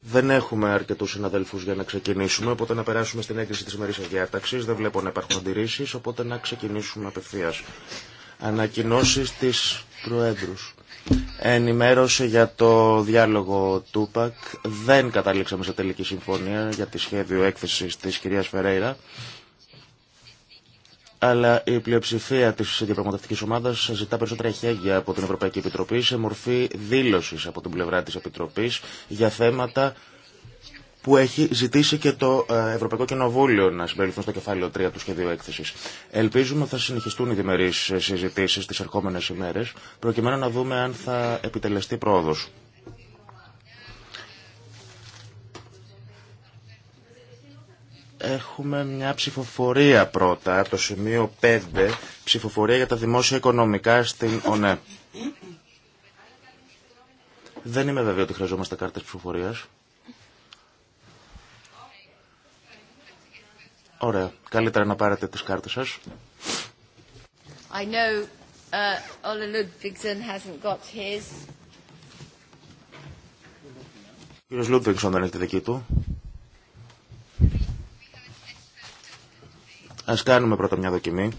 Δεν έχουμε αρκετούς συναδέλφους για να ξεκινήσουμε, οπότε να περάσουμε στην έγκριση της ημερήσιας διάταξης. Δεν βλέπω να υπάρχουν αντιρρήσει, οπότε να ξεκινήσουμε απευθείας. Ανακοινώσεις της Προέδρους. Ενημέρωση για το διάλογο του ΠΑΚ. Δεν καταλήξαμε σε τελική συμφωνία για τη σχέδιο έκθεσης της κυρίας Φερέιρα αλλά η πλειοψηφία τη διαπραγματευτική ομάδα ζητά περισσότερα χέρια από την Ευρωπαϊκή Επιτροπή σε μορφή δήλωση από την πλευρά τη Επιτροπή για θέματα που έχει ζητήσει και το ε, Ευρωπαϊκό Κοινοβούλιο να συμπεριληφθούν στο κεφάλαιο 3 του σχεδίου έκθεση. Ελπίζουμε ότι θα συνεχιστούν οι διμερεί συζητήσει τι ερχόμενε ημέρε, προκειμένου να δούμε αν θα επιτελεστεί πρόοδο. Έχουμε μια ψηφοφορία πρώτα, το σημείο 5, ψηφοφορία για τα δημόσια οικονομικά στην ΟΝΕ. Δεν είμαι βέβαιο ότι χρειαζόμαστε κάρτες ψηφοφορίας. Ωραία. Καλύτερα να πάρετε τις κάρτες σας. I know uh, κύριος Λούντβιγκσον δεν έχει τη δική του. Ας κάνουμε πρώτα μια δοκιμή.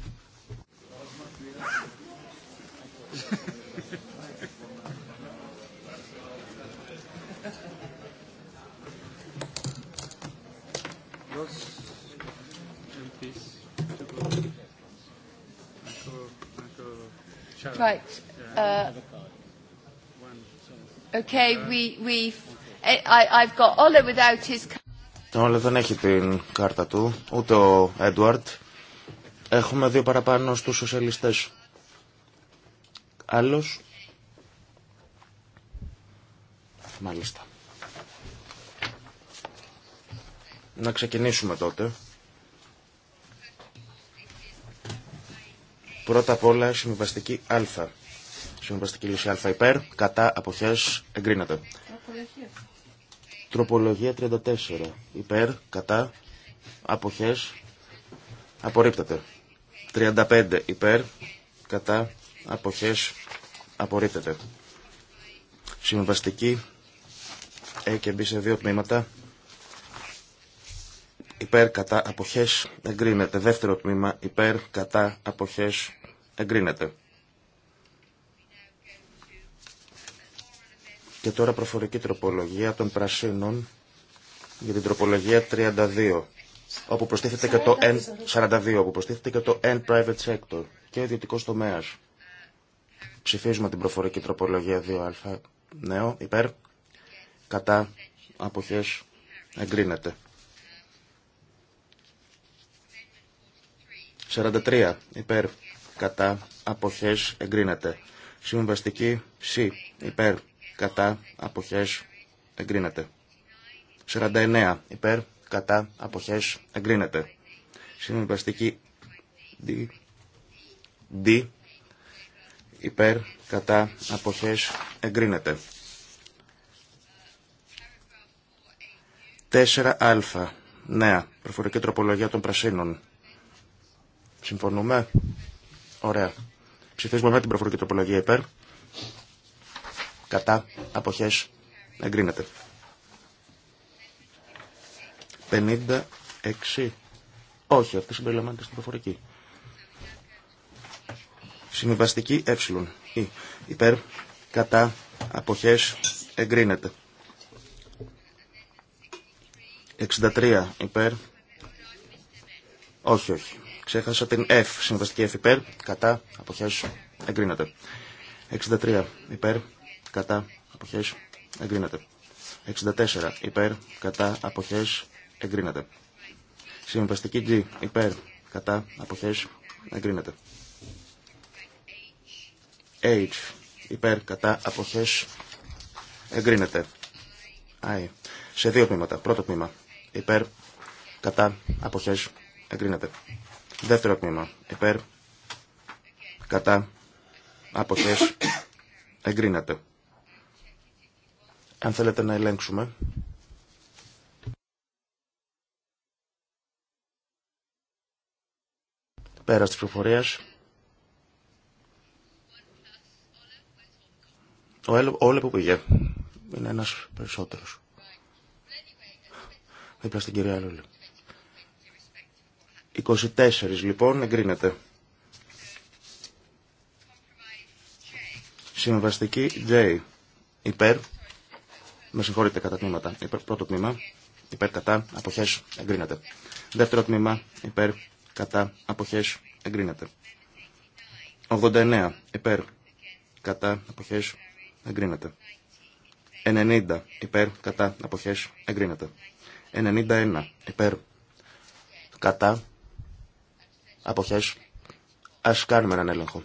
Right. Uh, okay, we, we've, I, I've got Ola without his όλο δεν έχει την κάρτα του, ούτε ο Έντουαρτ. Έχουμε δύο παραπάνω στους σοσιαλιστές. Άλλος. Μάλιστα. Να ξεκινήσουμε τότε. Πρώτα απ' όλα συμβαστική α. Συμβαστική λύση α υπέρ, κατά αποχές εγκρίνεται. Τροπολογία 34. Υπέρ, κατά, αποχές, απορρίπτεται. 35. Υπέρ, κατά, αποχές, απορρίπτεται. Συμβαστική, ε και μπει σε δύο τμήματα. Υπέρ, κατά, αποχές, εγκρίνεται. Δεύτερο τμήμα, υπέρ, κατά, αποχές, εγκρίνεται. Και τώρα προφορική τροπολογία των πρασίνων για την τροπολογία 32, όπου προστίθεται και το N, 42, όπου προστίθεται και το N private sector και ο ιδιωτικό τομέα. Ψηφίζουμε την προφορική τροπολογία 2α νέο, υπέρ, κατά, αποχές, εγκρίνεται. 43, υπέρ, κατά, αποχές, εγκρίνεται. Συμβαστική, C, υπέρ, κατά αποχές εγκρίνεται. 49 υπέρ κατά αποχές εγκρίνεται. Συμβιβαστική D, D υπέρ κατά αποχές εγκρίνεται. 4α νέα προφορική τροπολογία των πρασίνων. Συμφωνούμε. Ωραία. Ψηφίσουμε με την προφορική τροπολογία υπέρ κατά, αποχές, εγκρίνεται. 56. Όχι, αυτή συμπεριλαμβάνεται στην προφορική. Συμβαστική ε. Υπέρ, κατά, αποχές, εγκρίνεται. 63. Υπέρ. Όχι, όχι. Ξέχασα την F. Συμβαστική F υπέρ, κατά, αποχές, εγκρίνεται. 63. Υπέρ, κατά αποχές εγκρίνεται. 64 υπέρ κατά αποχές εγκρίνεται. Συμβαστική G υπέρ κατά αποχές εγκρίνεται. H υπέρ κατά αποχές εγκρίνεται. I. Σε δύο τμήματα. Πρώτο τμήμα υπέρ κατά αποχές εγκρίνεται. Δεύτερο τμήμα υπέρ κατά αποχές εγκρίνεται αν θέλετε να ελέγξουμε. Πέρα της προφορίας. Ο που πήγε. Είναι ένας περισσότερος. Δίπλα στην κυρία Λούλη. 24 λοιπόν εγκρίνεται. Συμβαστική J. Υπέρ. Με συγχωρείτε κατά τμήματα. Υπέρ, πρώτο τμήμα, υπέρ κατά αποχές εγκρίνεται. Δεύτερο τμήμα, υπέρ κατά αποχές εγκρίνεται. 89 υπέρ κατά αποχές εγκρίνεται. 90 υπέρ κατά αποχές εγκρίνεται. 91 υπέρ κατά αποχές. Ας κάνουμε έναν έλεγχο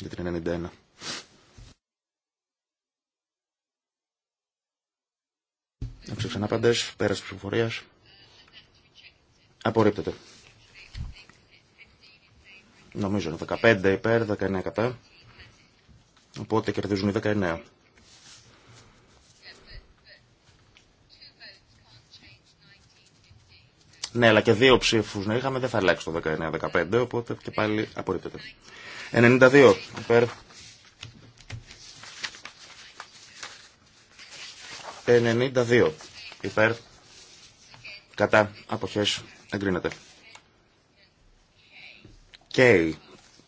για την 91. Ξαναπαντέ άπαντε. Πέρα τη ψηφοφορία. Απορρίπτεται. Νομίζω είναι 15 υπέρ, 19 κατά. Οπότε κερδίζουν οι 19. Ναι, αλλά και δύο ψήφου να είχαμε δεν θα αλλάξει το 19-15, οπότε και πάλι απορρίπτεται. 92 υπέρ. 92 υπέρ, κατά, αποχές, εγκρίνεται. και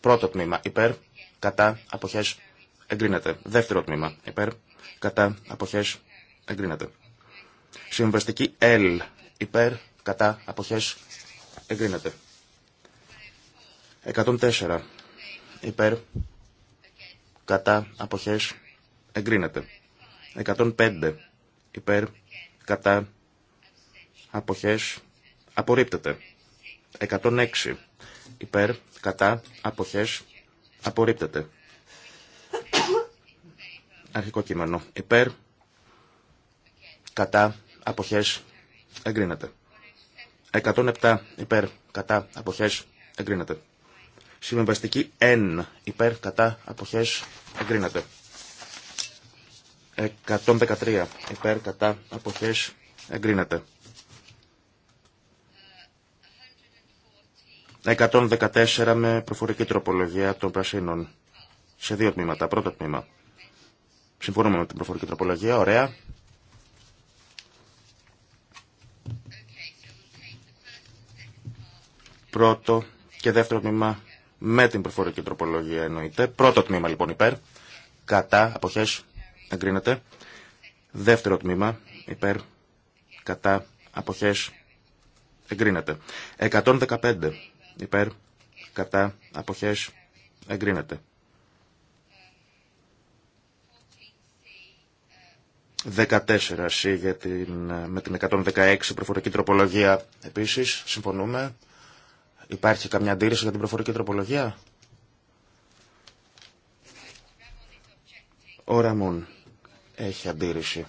πρώτο τμήμα, υπέρ, κατά, αποχές, εγκρίνεται. Δεύτερο τμήμα, υπέρ, κατά, αποχές, εγκρίνεται. Συμβαστική L, υπέρ, κατά, αποχές, εγκρίνεται. 104, υπέρ, κατά, αποχές, εγκρίνεται. 105, υπέρ, κατά αποχές απορρίπτεται. 106 υπέρ κατά αποχές απορρίπτεται. Αρχικό κείμενο υπέρ κατά αποχές εγκρίνεται. 107 υπέρ κατά αποχές εγκρίνεται. Συμβεβαστική N υπέρ κατά αποχές εγκρίνεται. 113 υπέρ κατά αποχές εγκρίνεται. 114 με προφορική τροπολογία των πρασίνων σε δύο τμήματα. Πρώτο τμήμα. Συμφωνούμε με την προφορική τροπολογία. Ωραία. Πρώτο και δεύτερο τμήμα με την προφορική τροπολογία εννοείται. Πρώτο τμήμα λοιπόν υπέρ. Κατά αποχές εγκρίνεται. Δεύτερο τμήμα, υπέρ, κατά, αποχές, εγκρίνεται. 115, υπέρ, κατά, αποχές, εγκρίνεται. 14 C την, με την 116 προφορική τροπολογία επίσης, συμφωνούμε. Υπάρχει καμιά αντίρρηση για την προφορική τροπολογία. Ο έχει αντίρρηση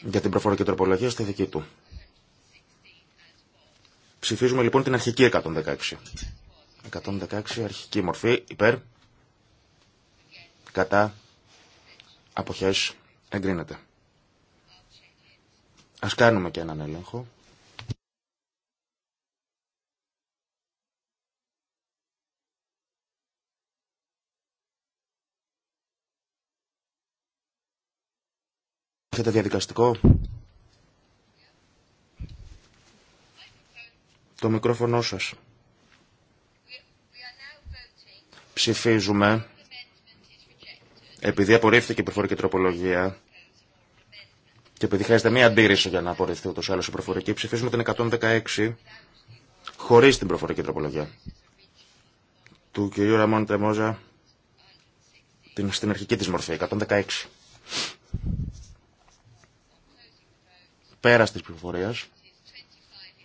για την προφορική τροπολογία στη δική του. Ψηφίζουμε λοιπόν την αρχική 116. 116 αρχική μορφή υπέρ κατά αποχές εγκρίνεται. Ας κάνουμε και έναν έλεγχο. Έχετε διαδικαστικό. Το μικρόφωνο σας. Ψηφίζουμε. Επειδή απορρίφθηκε η προφορική τροπολογία και επειδή χρειάζεται μία αντίρρηση για να απορριφθεί ούτως άλλως η προφορική, ψηφίζουμε την 116 χωρίς την προφορική τροπολογία. Του κυρίου Ραμόν Τεμόζα την, στην αρχική της μορφή, 116. Πέρας της πληροφορία.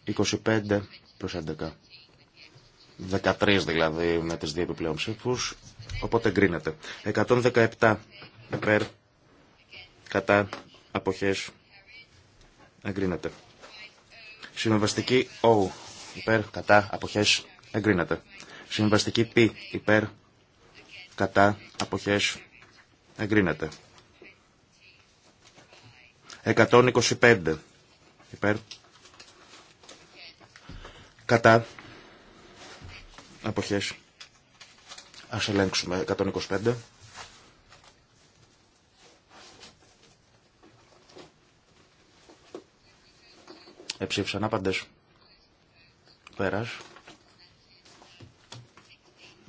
25 προς 11. 13 δηλαδή με τις δύο επιπλέον ψήφους, οπότε εγκρίνεται. 117 υπέρ, κατά, αποχές, εγκρίνεται. Συμβαστική O υπέρ, κατά, αποχές, εγκρίνεται. Συμβαστική P υπέρ, κατά, αποχές, εγκρίνεται. 125 υπέρ κατά αποχές ας ελέγξουμε 125 Εψήφισαν άπαντες. Πέρας.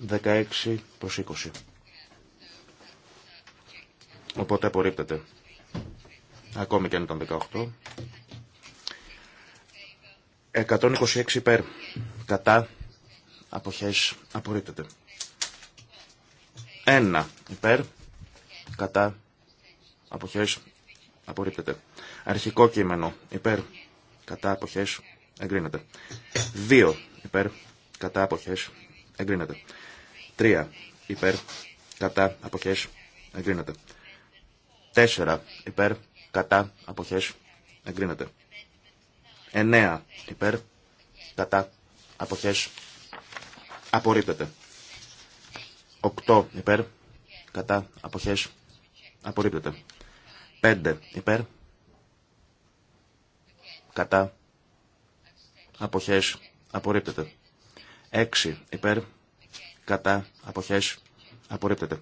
16 προς 20. Οπότε απορρίπτεται. Ακόμη και αν ήταν 18. 126 υπέρ. Κατά. Αποχές. Απορρίπτεται. 1 υπέρ. Κατά. Αποχές. Απορρίπτεται. Αρχικό κείμενο. Υπέρ. Κατά. Αποχές. Εγκρίνεται. 2 υπέρ. Κατά. Αποχές. Εγκρίνεται. 3 υπέρ. Κατά. Αποχές. Εγκρίνεται. 4 υπέρ. Κατά. Αποχές. Εγκρίνεται. 9 υπέρ κατά αποχές απορρίπτεται. 8 υπέρ κατά αποχές απορρίπτεται. 5 υπέρ κατά αποχές απορρίπτεται. 6 υπέρ κατά αποχές απορρίπτεται.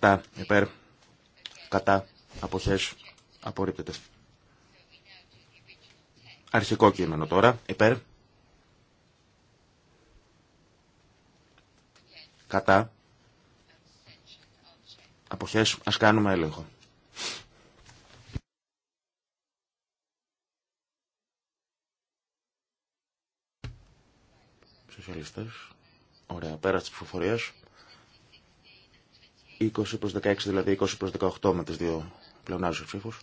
7 υπέρ κατά αποχές απορρίπτεται. Αρχικό κείμενο τώρα, υπέρ. Κατά. Αποχές, ας κάνουμε έλεγχο. Σοσιαλιστές. Ωραία, πέρα της ψηφοφορίας. 20 προς 16, δηλαδή 20 προς 18 με τις δύο πλεονάζουσες ψήφους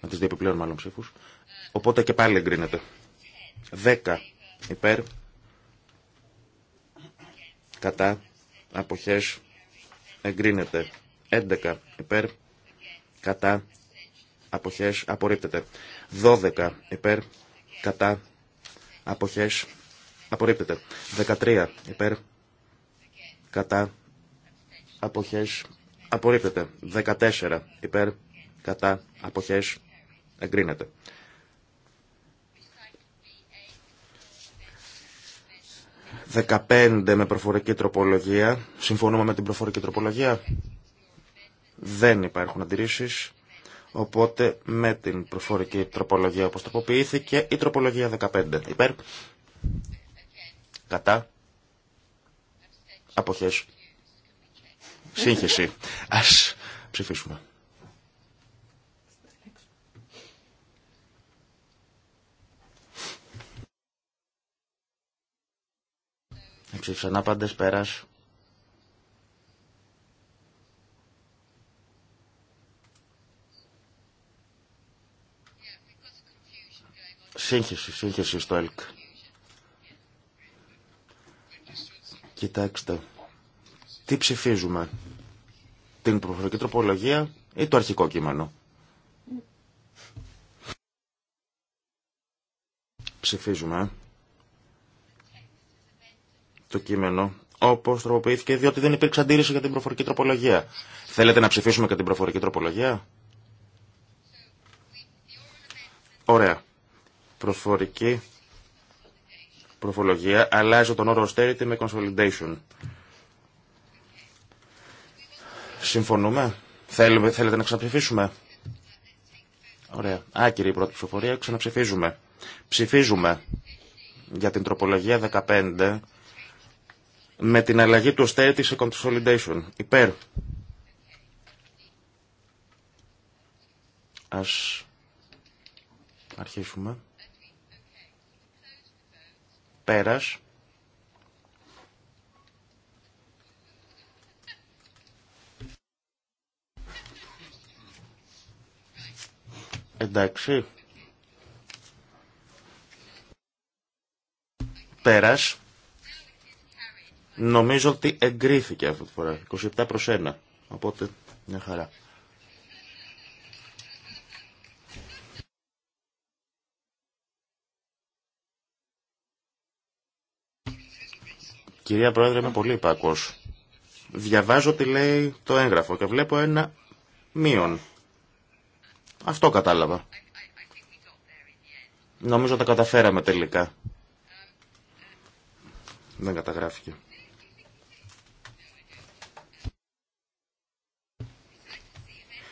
με τις δύο επιπλέον μάλλον ψήφους. Οπότε και πάλι εγκρίνεται. 10 υπέρ, κατά, αποχές, εγκρίνεται. 11 υπέρ, κατά, αποχές, απορρίπτεται. 12 υπέρ, κατά, αποχές, απορρίπτεται. 13 υπέρ, κατά, αποχές, απορρίπτεται. 14 υπέρ, κατά, αποχές, Εγκρίνεται. Δεκαπέντε με προφορική τροπολογία. Συμφωνούμε με την προφορική τροπολογία. Δεν υπάρχουν αντιρρήσει. Οπότε με την προφορική τροπολογία όπως τροποποιήθηκε η τροπολογία 15. Υπέρ. Κατά. Αποχές. Σύγχυση. Ας ψηφίσουμε. Εψήφισαν πάντες πέρας. Σύγχυση, σύγχυση στο ΕΛΚ. Κοιτάξτε, τι ψηφίζουμε, την προφορική τροπολογία ή το αρχικό κείμενο. Ψηφίζουμε το κείμενο όπω τροποποιήθηκε, διότι δεν υπήρξε αντίρρηση για την προφορική τροπολογία. Θέλετε να ψηφίσουμε και την προφορική τροπολογία. Ωραία. Προφορική προφολογία αλλάζω τον όρο austerity με consolidation. Συμφωνούμε. Θέλουμε, θέλετε να ξαναψηφίσουμε. Ωραία. Άκυρη η πρώτη ψηφοφορία. Ξαναψηφίζουμε. Ψηφίζουμε για την τροπολογία 15 με την αλλαγή του austerity σε consolidation. Υπέρ. Ας αρχίσουμε. Πέρας. Εντάξει. Πέρας. Νομίζω ότι εγκρίθηκε αυτή τη φορά. 27 προς 1. Οπότε μια χαρά. Κυρία Πρόεδρε, είμαι πολύ υπάκος. Διαβάζω τι λέει το έγγραφο και βλέπω ένα μείον. Αυτό κατάλαβα. Νομίζω τα καταφέραμε τελικά. Δεν καταγράφηκε.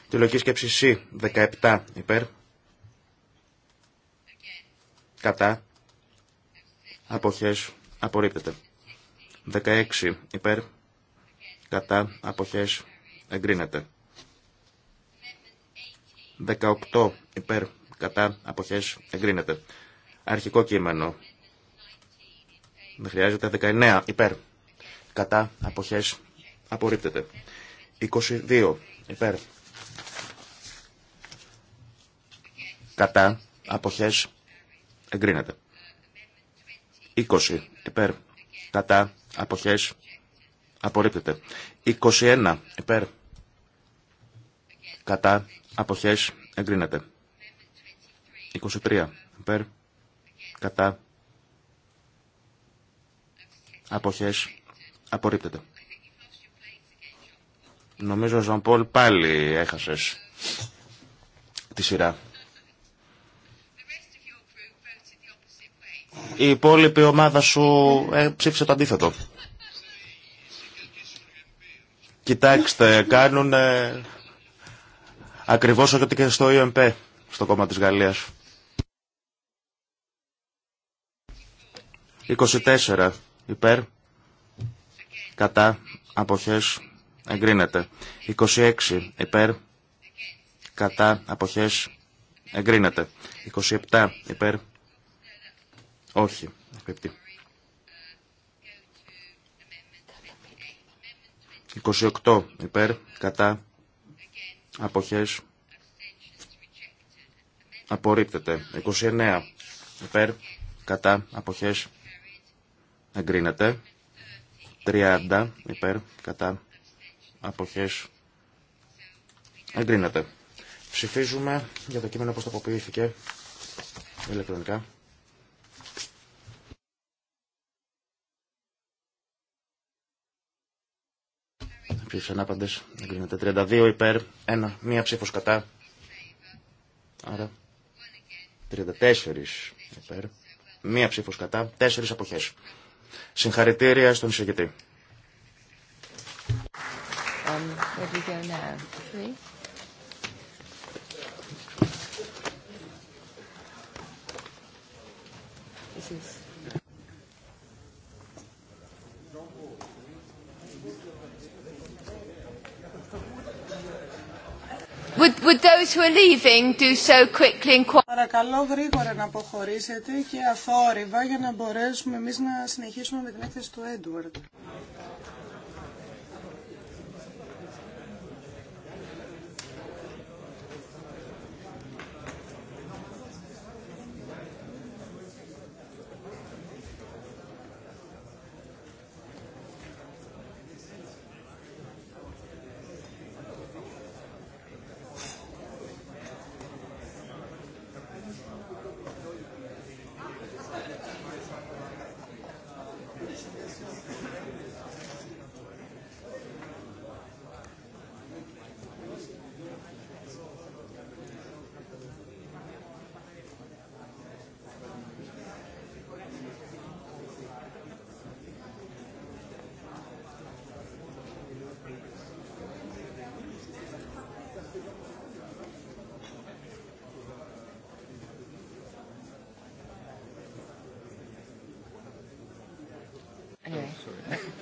Τη λογική σκέψη C, 17 υπέρ. Κατά. Αποχές. Απορρίπτεται. 16 υπέρ. Κατά. Αποχές. Εγκρίνεται. 18 υπέρ. Κατά. Αποχές. Εγκρίνεται. Αρχικό κείμενο. Δεν χρειάζεται 19 υπέρ. Κατά. Αποχές. Απορρίπτεται. 22 υπέρ Κατά. Αποχές. Εγκρίνεται. 20. Υπέρ. Κατά. Αποχές. Απορρίπτεται. 21. Υπέρ. Κατά. Αποχές. Εγκρίνεται. 23. Υπέρ. Κατά. Αποχές. Απορρίπτεται. Νομίζω, Πολ, πάλι έχασες τη σειρά. Η υπόλοιπη ομάδα σου ε, ψήφισε το αντίθετο. Κοιτάξτε, κάνουν ε, ακριβώς ό,τι και στο ΙΟΜΠ στο κόμμα της Γαλλίας. 24 υπέρ, κατά, αποχές, εγκρίνεται. 26 υπέρ, κατά, αποχές, εγκρίνεται. 27 υπέρ, όχι. Απεπτή. 28 υπέρ, κατά, αποχές, απορρίπτεται. 29 υπέρ, κατά, αποχές, εγκρίνεται. 30 υπέρ, κατά, αποχές, εγκρίνεται. Ψηφίζουμε για το κείμενο πώς τοποποιήθηκε ηλεκτρονικά. ψήφους εγκρίνεται 32 υπέρ, 1, μία ψήφος κατά, άρα 34 υπέρ, μία ψήφο κατά, 4 αποχές. Συγχαρητήρια στον εισηγητή. Um, Would, those who are leaving do so quickly and... Παρακαλώ γρήγορα να αποχωρήσετε και αθόρυβα για να μπορέσουμε εμείς να συνεχίσουμε με την έκθεση του Έντουαρντ.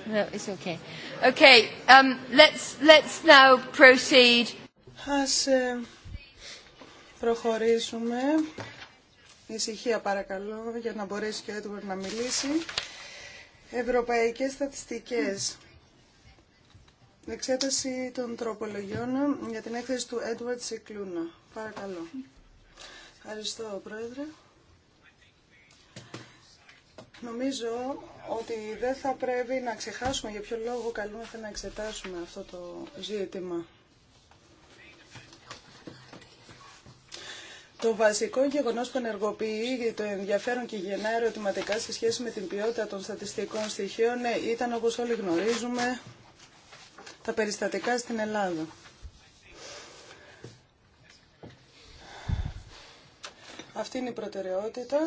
No, it's okay. Okay, um, Ας ε, προχωρήσουμε. Ησυχία παρακαλώ για να μπορέσει και ο Έντουαρ να μιλήσει. Ευρωπαϊκές στατιστικές. Εξέταση των τροπολογιών για την έκθεση του Έντουαρτ Σικλούνα. Παρακαλώ. Ευχαριστώ, Πρόεδρε. Νομίζω ότι δεν θα πρέπει να ξεχάσουμε για ποιο λόγο καλούμεθα να εξετάσουμε αυτό το ζήτημα. Το βασικό γεγονό που ενεργοποιεί το ενδιαφέρον και γεννά ερωτηματικά σε σχέση με την ποιότητα των στατιστικών στοιχείων ναι, ήταν, όπω όλοι γνωρίζουμε, τα περιστατικά στην Ελλάδα. Αυτή είναι η προτεραιότητα.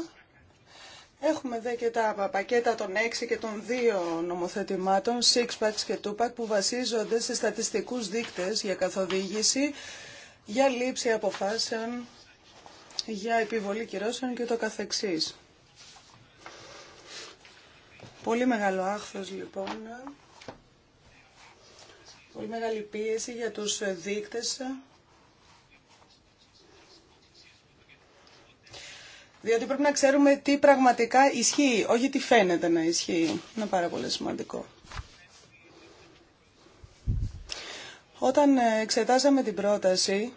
Έχουμε δε και τα πακέτα των 6 και των 2 νομοθετημάτων, six packs και two pack, που βασίζονται σε στατιστικούς δείκτες για καθοδήγηση, για λήψη αποφάσεων, για επιβολή κυρώσεων και το καθεξής. Πολύ μεγάλο άχθος λοιπόν, πολύ μεγάλη πίεση για τους δείκτες Διότι πρέπει να ξέρουμε τι πραγματικά ισχύει, όχι τι φαίνεται να ισχύει. Είναι πάρα πολύ σημαντικό. Όταν εξετάσαμε την πρόταση,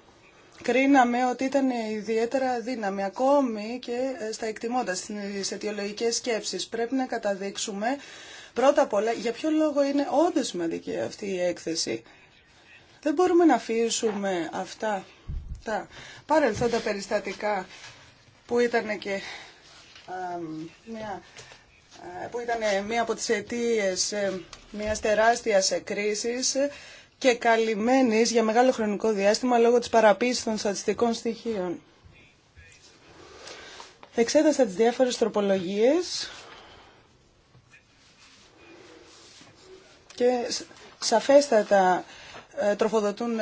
κρίναμε ότι ήταν ιδιαίτερα δύναμη, ακόμη και ε, στα εκτιμώντα, στις αιτιολογικές σκέψεις. Πρέπει να καταδείξουμε πρώτα απ' όλα για ποιο λόγο είναι όντως σημαντική αυτή η έκθεση. Δεν μπορούμε να αφήσουμε αυτά τα παρελθόντα περιστατικά που ήταν και μια ε, που ήταν ε, μία από τις αιτίες ε, μιας τεράστιας κρίσης και καλυμμένης για μεγάλο χρονικό διάστημα λόγω της παραποίησης των στατιστικών στοιχείων. Εξέτασα τις διάφορες τροπολογίες και σαφέστατα τροφοδοτούν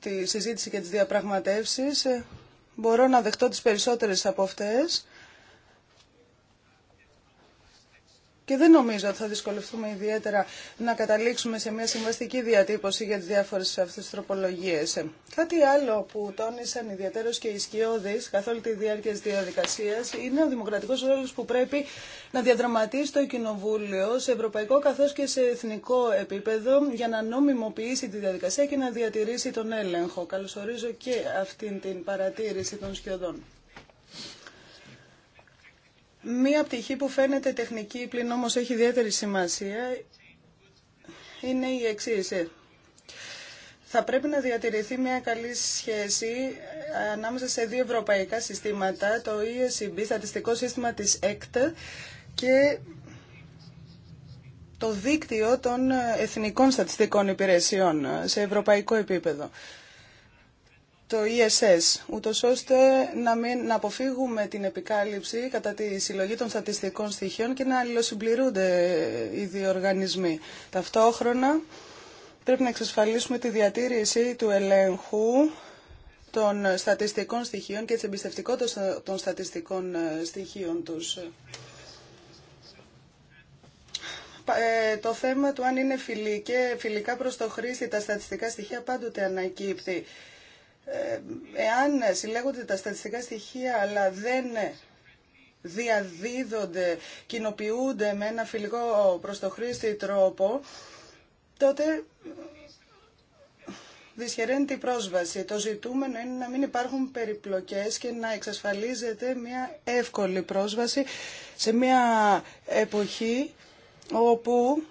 τη συζήτηση και τις διαπραγματεύσεις Μπορώ να δεχτώ τις περισσότερες από αυτές. και δεν νομίζω ότι θα δυσκολευτούμε ιδιαίτερα να καταλήξουμε σε μια συμβαστική διατύπωση για τι διάφορε αυτέ τις τροπολογίες. Κάτι άλλο που τόνισαν ιδιαίτερω και οι σκιώδει καθ' όλη τη διάρκεια τη διαδικασία είναι ο δημοκρατικό ρόλο που πρέπει να διαδραματίσει το Κοινοβούλιο σε ευρωπαϊκό καθώ και σε εθνικό επίπεδο για να νομιμοποιήσει τη διαδικασία και να διατηρήσει τον έλεγχο. Καλωσορίζω και αυτή την παρατήρηση των σκιωδών. Μία πτυχή που φαίνεται τεχνική πλην όμως έχει ιδιαίτερη σημασία είναι η εξή. Ε. Θα πρέπει να διατηρηθεί μια καλή ιδιαιτερη σημασια ειναι η εξης θα πρεπει ανάμεσα σε δύο ευρωπαϊκά συστήματα, το ESB, e στατιστικό σύστημα της ΕΚΤ και το δίκτυο των ε, εθνικών στατιστικών υπηρεσιών ε, σε ευρωπαϊκό επίπεδο το ESS, ούτως ώστε να, μην, να αποφύγουμε την επικάλυψη κατά τη συλλογή των στατιστικών στοιχείων και να αλληλοσυμπληρούνται οι δύο οργανισμοί. Ταυτόχρονα πρέπει να εξασφαλίσουμε τη διατήρηση του ελέγχου των στατιστικών στοιχείων και της εμπιστευτικότητας των στατιστικών ε, στοιχείων τους. Ε, το θέμα του αν είναι και φιλικά προς το χρήστη τα στατιστικά στοιχεία πάντοτε ανακύπτει. Ε, εάν συλλέγονται τα στατιστικά στοιχεία αλλά δεν διαδίδονται, κοινοποιούνται με ένα φιλικό προς το χρήστη τρόπο, τότε δυσχεραίνεται η πρόσβαση. Το ζητούμενο είναι να μην υπάρχουν περιπλοκές και να εξασφαλίζεται μια εύκολη πρόσβαση σε μια εποχή όπου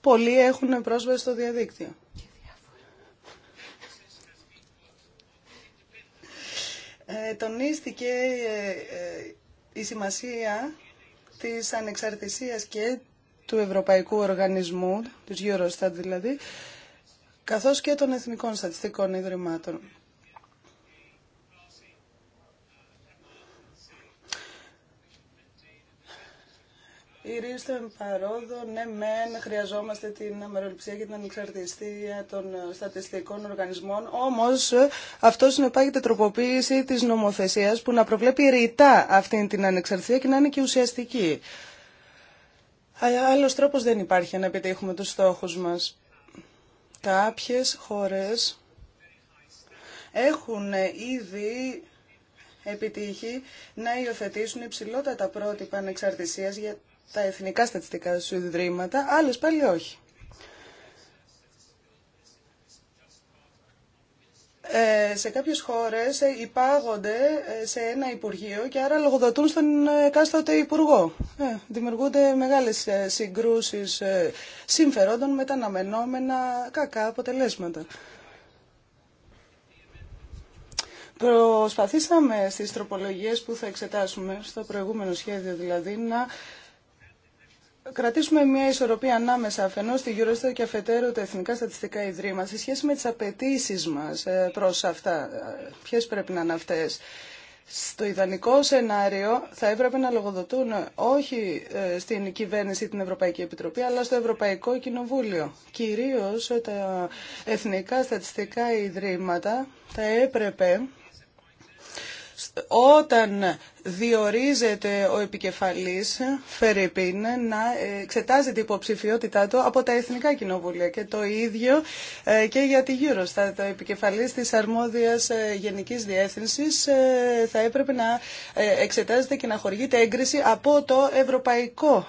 πολλοί έχουν πρόσβαση στο διαδίκτυο. Ε, τονίστηκε ε, ε, η σημασία της ανεξαρτησίας και του Ευρωπαϊκού Οργανισμού, του Eurostat δηλαδή, καθώς και των Εθνικών Στατιστικών Ιδρυμάτων. στο παρόδο, ναι μεν, χρειαζόμαστε την αμεροληψία και την ανεξαρτησία των ε, στατιστικών οργανισμών, όμως ε, αυτό συνεπάγεται τροποποίηση της νομοθεσίας που να προβλέπει ρητά αυτή την ανεξαρτησία και να είναι και ουσιαστική. Άλλος τρόπος δεν υπάρχει να επιτύχουμε τους στόχους μας. Κάποιες χώρες έχουν ε, ήδη επιτύχει να υιοθετήσουν υψηλότατα πρότυπα ανεξαρτησίας για τα εθνικά στατιστικά σου ιδρύματα, άλλες πάλι όχι. Ε, σε κάποιες χώρες ε, υπάγονται ε, σε ένα υπουργείο και άρα λογοδοτούν στον εκάστοτε υπουργό. Ε, δημιουργούνται μεγάλες συγκρούσεις συμφερόντων με τα αναμενόμενα κακά αποτελέσματα. Προσπαθήσαμε στις τροπολογίες που θα εξετάσουμε, στο προηγούμενο σχέδιο δηλαδή, να κρατήσουμε μια ισορροπία ανάμεσα αφενό στη Eurostat και αφετέρου τα εθνικά στατιστικά ιδρύματα σε σχέση με τι απαιτήσει μα ε, προ αυτά. Ε, Ποιε πρέπει να είναι αυτέ. Στο ιδανικό σενάριο θα έπρεπε να λογοδοτούν όχι ε, στην κυβέρνηση ή την Ευρωπαϊκή Επιτροπή, αλλά στο Ευρωπαϊκό Κοινοβούλιο. Κυρίως τα εθνικά στατιστικά ιδρύματα θα έπρεπε όταν διορίζεται ο επικεφαλής Φερρυπίν να εξετάζεται την υποψηφιότητά του από τα Εθνικά Κοινοβούλια και το ίδιο ε, και για τη γύρω Το επικεφαλής της αρμόδιας ε, Γενικής Διεύθυνσης ε, θα έπρεπε να εξετάζεται και να χορηγείται έγκριση από το Ευρωπαϊκό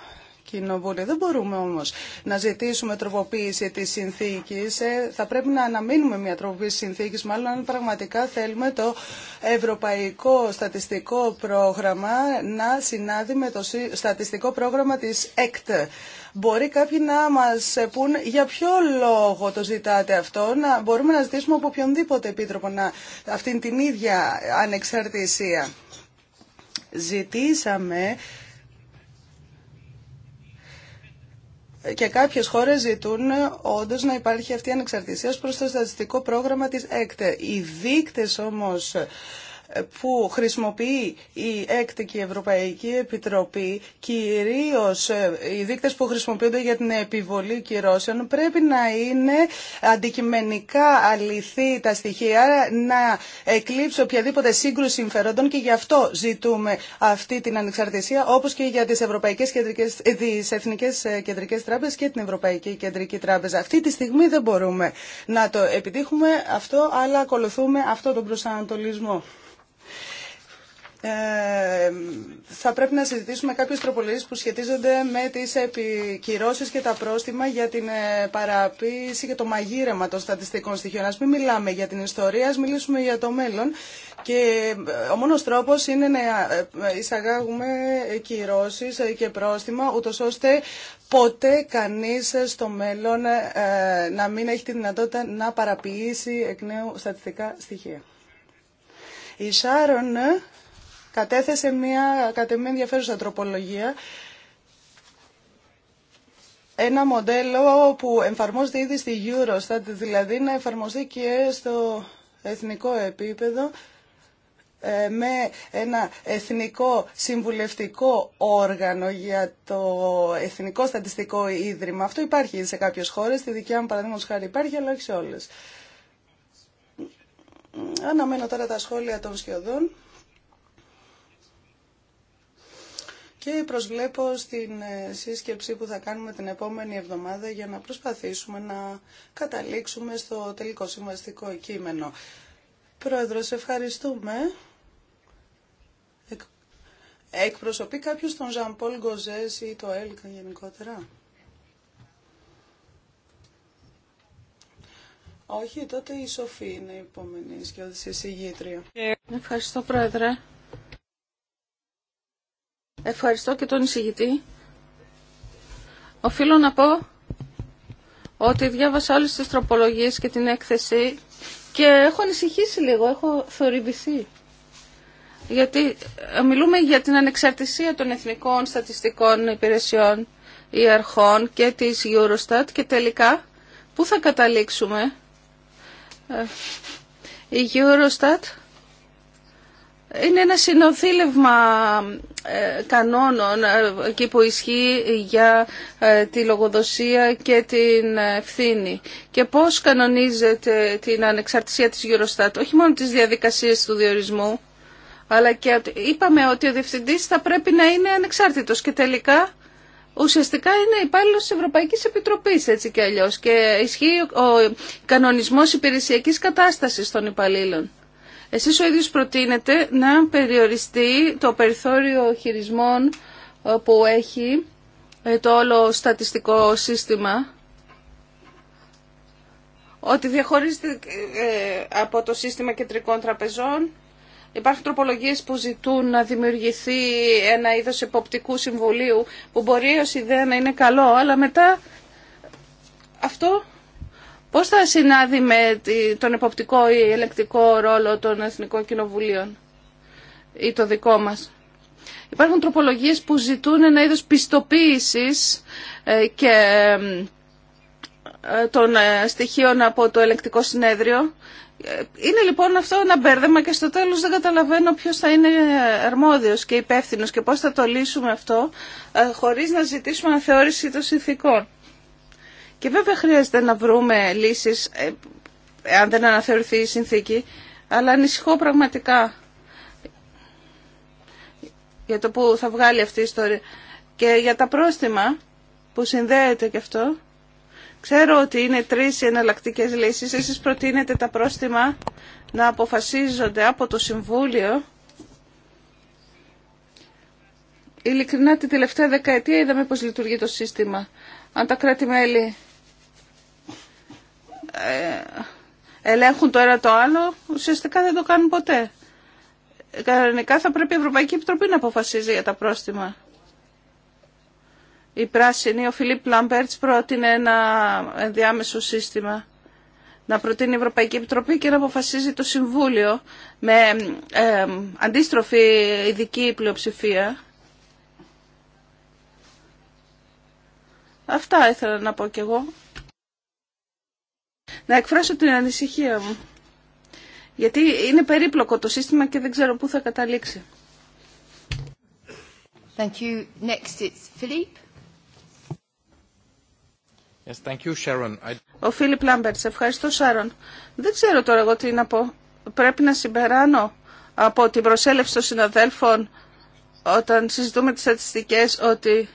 Κοινοβούλιο. Δεν μπορούμε όμως να ζητήσουμε τροποποίηση της συνθήκης. Ε. Θα πρέπει να αναμείνουμε μια τροποποίηση συνθήκης, μάλλον αν πραγματικά θέλουμε το Ευρωπαϊκό Στατιστικό Πρόγραμμα να συνάδει με το Στατιστικό Πρόγραμμα της ΕΚΤ. Μπορεί κάποιοι να μας πούν για ποιο λόγο το ζητάτε αυτό, να μπορούμε να ζητήσουμε από οποιονδήποτε επίτροπο να, αυτήν την ίδια ανεξαρτησία. Ζητήσαμε και κάποιες χώρες ζητούν όντως να υπάρχει αυτή η ανεξαρτησία προς το στατιστικό πρόγραμμα της ΕΚΤΕ. Οι δείκτες όμως που χρησιμοποιεί η ΕΚΤ Ευρωπαϊκή Επιτροπή, κυρίως ε, οι δείκτες που χρησιμοποιούνται για την επιβολή κυρώσεων, πρέπει να είναι αντικειμενικά αληθή τα στοιχεία, να εκλείψει οποιαδήποτε σύγκρουση συμφερόντων και γι' αυτό ζητούμε αυτή την ανεξαρτησία, όπως και για τις, Ευρωπαϊκές Κεντρικές, ε, τις Εθνικές ε, Κεντρικές Τράπεζες και την Ευρωπαϊκή Κεντρική Τράπεζα. Αυτή τη στιγμή δεν μπορούμε να το επιτύχουμε αυτό, αλλά ακολουθούμε αυτό τον προσανατολισμό. Ε, θα πρέπει να συζητήσουμε κάποιες τροπολογίες που σχετίζονται με τις επικυρώσεις και τα πρόστιμα για την ε, παραποίηση και το μαγείρεμα των στατιστικών στοιχείων. Ας μην μιλάμε για την ιστορία, ας μιλήσουμε για το μέλλον. Και ε, ο μόνος τρόπος είναι να εισαγάγουμε κυρώσεις και πρόστιμα, ούτως ώστε ποτέ κανείς στο μέλλον να μην έχει τη δυνατότητα να παραποιήσει εκ νέου στατιστικά στοιχεία. Η Σάρον κατέθεσε μια κατεμή ενδιαφέρουσα τροπολογία ένα μοντέλο που εμφαρμόζεται ήδη στη Eurostat, δηλαδή να εφαρμοστεί και στο εθνικό επίπεδο ε, με ένα εθνικό συμβουλευτικό όργανο για το Εθνικό Στατιστικό Ίδρυμα. Αυτό υπάρχει σε κάποιες χώρες, στη δικιά μου παραδείγματος χάρη υπάρχει, αλλά όχι σε όλες. Αναμένω τώρα τα σχόλια των σχεδόν. και προσβλέπω στην ε, σύσκεψη που θα κάνουμε την επόμενη εβδομάδα για να προσπαθήσουμε να καταλήξουμε στο τελικό συμβαστικό κείμενο. Πρόεδρος, ευχαριστούμε. Εκπροσωπεί κάποιος τον Ζαν Πολ ή το ΕΛΚΑ γενικότερα. Όχι, τότε η Σοφή είναι η επόμενη σκιώδηση συγγήτρια. Ευχαριστώ, Πρόεδρε. Ευχαριστώ και τον εισηγητή. Οφείλω να πω ότι διάβασα όλες τις τροπολογίες και την έκθεση και έχω ανησυχήσει λίγο, έχω θορυβηθεί. Γιατί ε, μιλούμε για την ανεξαρτησία των εθνικών στατιστικών υπηρεσιών ή αρχών και της Eurostat και τελικά πού θα καταλήξουμε. Ε, η Eurostat είναι ένα συνοθήλευμα ε, κανόνων ε, εκεί που ισχύει για ε, τη λογοδοσία και την ευθύνη. Και πώς κανονίζεται την ανεξαρτησία της Eurostat, όχι μόνο τις διαδικασίες του διορισμού, αλλά και είπαμε ότι ο διευθυντής θα πρέπει να είναι ανεξάρτητος και τελικά ουσιαστικά είναι υπάλληλο τη Ευρωπαϊκή Επιτροπή, έτσι και αλλιώ. Και ισχύει ο κανονισμό υπηρεσιακή κατάσταση των υπαλλήλων. Εσείς ο ίδιος προτείνετε να περιοριστεί το περιθώριο χειρισμών ε, που έχει ε, το όλο στατιστικό σύστημα ότι διαχωρίζεται ε, από το σύστημα κεντρικών τραπεζών. Υπάρχουν τροπολογίες που ζητούν να δημιουργηθεί ένα είδος εποπτικού συμβουλίου που μπορεί ως ιδέα να είναι καλό, αλλά μετά αυτό Πώς θα συνάδει με τον εποπτικό ή ελεκτικό ρόλο των Εθνικών Κοινοβουλίων ή το δικό μας. Υπάρχουν τροπολογίες που ζητούν ένα είδος πιστοποίησης ε, και ε, των ε, στοιχείων από το ελεκτικό συνέδριο. Είναι λοιπόν αυτό ένα μπέρδεμα και στο τέλος δεν καταλαβαίνω ποιος θα είναι αρμόδιος και υπεύθυνος και πώς θα το λύσουμε αυτό χωρίς να ζητήσουμε αναθεώρηση των συνθήκων. Και βέβαια χρειάζεται να βρούμε λύσεις, αν ε, δεν αναθεωρηθεί η συνθήκη, αλλά ανησυχώ πραγματικά για το που θα βγάλει αυτή η ιστορία. Και για τα πρόστιμα που συνδέεται και αυτό, ξέρω ότι είναι τρεις οι εναλλακτικέ λύσεις. Εσείς προτείνετε τα πρόστιμα να αποφασίζονται από το Συμβούλιο. Ειλικρινά την τελευταία δεκαετία είδαμε πώς λειτουργεί το σύστημα. Αν τα κράτη-μέλη ε, ελέγχουν το ένα το άλλο, ουσιαστικά δεν το κάνουν ποτέ. Κανονικά θα πρέπει η Ευρωπαϊκή Επιτροπή να αποφασίζει για τα πρόστιμα. Η πράσινη, ο Φιλίπ Λαμπέρτς πρότεινε ένα ενδιάμεσο σύστημα να προτείνει η Ευρωπαϊκή Επιτροπή και να αποφασίζει το Συμβούλιο με ε, αντίστροφη ειδική πλειοψηφία. Αυτά ήθελα να πω κι εγώ να εκφράσω την ανησυχία μου. Γιατί είναι περίπλοκο το σύστημα και δεν ξέρω πού θα καταλήξει. Thank you. Next it's Yes, thank you, Sharon. Ο Φίλιπ Λάμπερτ, Ευχαριστώ, Σάρον. Δεν ξέρω τώρα εγώ τι να πω. Πρέπει να συμπεράνω από την προσέλευση των συναδέλφων όταν συζητούμε τις στατιστικές ότι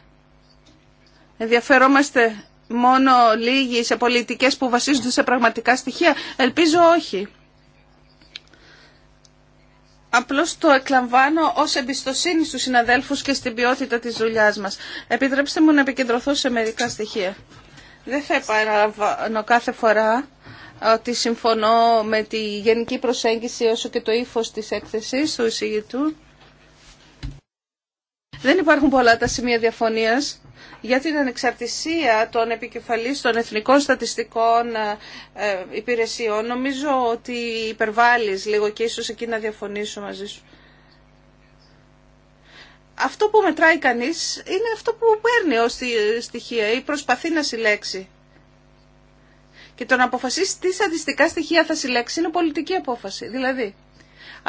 ενδιαφερόμαστε μόνο λίγοι σε πολιτικές που βασίζονται σε πραγματικά στοιχεία. Ελπίζω όχι. Απλώς το εκλαμβάνω ως εμπιστοσύνη στους συναδέλφους και στην ποιότητα της δουλειάς μας. Επιτρέψτε μου να επικεντρωθώ σε μερικά στοιχεία. Δεν θα επαναλαμβάνω κάθε φορά ότι συμφωνώ με τη γενική προσέγγιση όσο και το ύφος της έκθεσης του εισηγητού. Δεν υπάρχουν πολλά τα σημεία διαφωνίας για την ανεξαρτησία των επικεφαλής των εθνικών στατιστικών ε, ε, υπηρεσιών. Νομίζω ότι υπερβάλλεις λίγο και ίσως εκεί να διαφωνήσω μαζί σου. Αυτό που μετράει κανείς είναι αυτό που παίρνει ως στοιχεία ή προσπαθεί να συλλέξει. Και το να αποφασίσει τι στατιστικά στοιχεία θα συλλέξει είναι πολιτική απόφαση. Δηλαδή,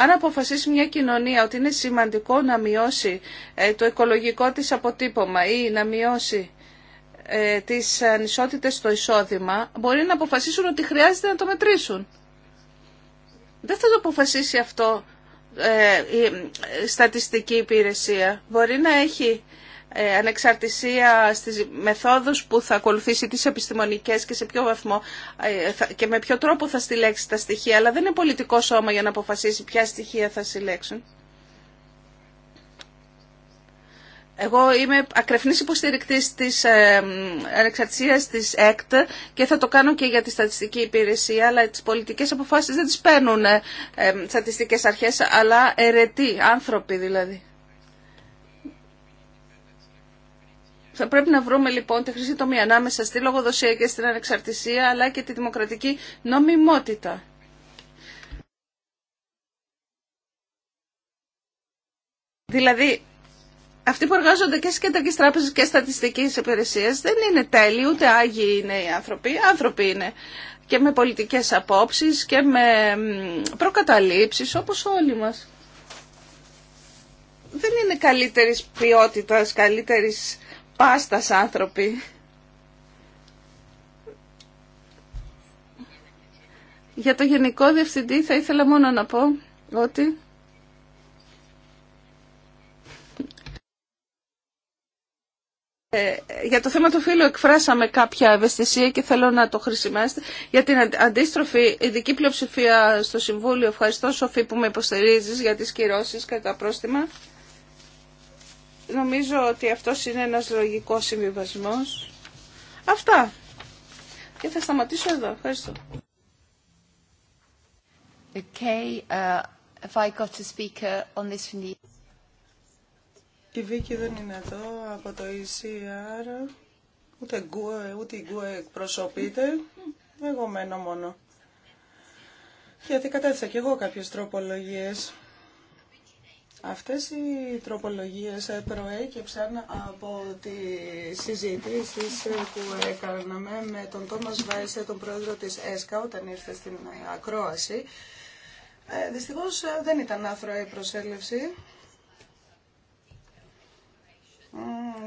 αν αποφασίσει μια κοινωνία ότι είναι σημαντικό να μειώσει ε, το οικολογικό της αποτύπωμα ή να μειώσει ε, τις ανισότητες στο εισόδημα, μπορεί να αποφασίσουν ότι χρειάζεται να το μετρήσουν. Δεν θα το αποφασίσει αυτό ε, η στατιστική υπηρεσία. Μπορεί να έχει ε, ανεξαρτησία στις μεθόδους που θα ακολουθήσει τις επιστημονικές και σε ποιο βαθμό ε, και με ποιο τρόπο θα στηλέξει τα στοιχεία, αλλά δεν είναι πολιτικό σώμα για να αποφασίσει ποια στοιχεία θα συλλέξουν. Εγώ είμαι ακρεφνής υποστηρικτής της ε, ανεξαρτησίας της ΕΚΤ και θα το κάνω και για τη στατιστική υπηρεσία, αλλά τις πολιτικές αποφάσεις δεν τις παίρνουν ε, ε, στατιστικές αρχές, αλλά ερετοί, άνθρωποι δηλαδή. Θα πρέπει να βρούμε λοιπόν τη χρυσή τομή ανάμεσα στη λογοδοσία και στην ανεξαρτησία αλλά και τη δημοκρατική νομιμότητα. Δηλαδή, αυτοί που εργάζονται και στι κεντρικέ τράπεζε και στατιστικέ υπηρεσίε δεν είναι τέλειοι, ούτε άγιοι είναι οι άνθρωποι. Άνθρωποι είναι και με πολιτικέ απόψει και με προκαταλήψεις όπω όλοι μα. Δεν είναι καλύτερη ποιότητα, καλύτερη πάστας άνθρωποι. Για το Γενικό Διευθυντή θα ήθελα μόνο να πω ότι... Ε, για το θέμα του φίλου εκφράσαμε κάποια ευαισθησία και θέλω να το χρησιμάσετε. Για την αντίστροφη ειδική πλειοψηφία στο Συμβούλιο, ευχαριστώ Σοφή που με υποστηρίζεις για τις κυρώσεις κατά πρόστιμα. Νομίζω ότι αυτό είναι ένας λογικός συμβιβασμός. Αυτά. Και θα σταματήσω εδώ. Ευχαριστώ. Okay, Η Βίκη δεν είναι εδώ από το ECR, ούτε, ούτε η γκουε εκπροσωπείται, εγώ μένω μόνο. Γιατί κατέθεσα και εγώ κάποιες τροπολογίες. Αυτές οι τροπολογίες προέκυψαν από τη συζήτηση που έκαναμε με τον Τόμας Βάισε, τον πρόεδρο της ΕΣΚΑ, όταν ήρθε στην ακρόαση. Ε, δυστυχώς ε, δεν ήταν άθροα η προσέλευση.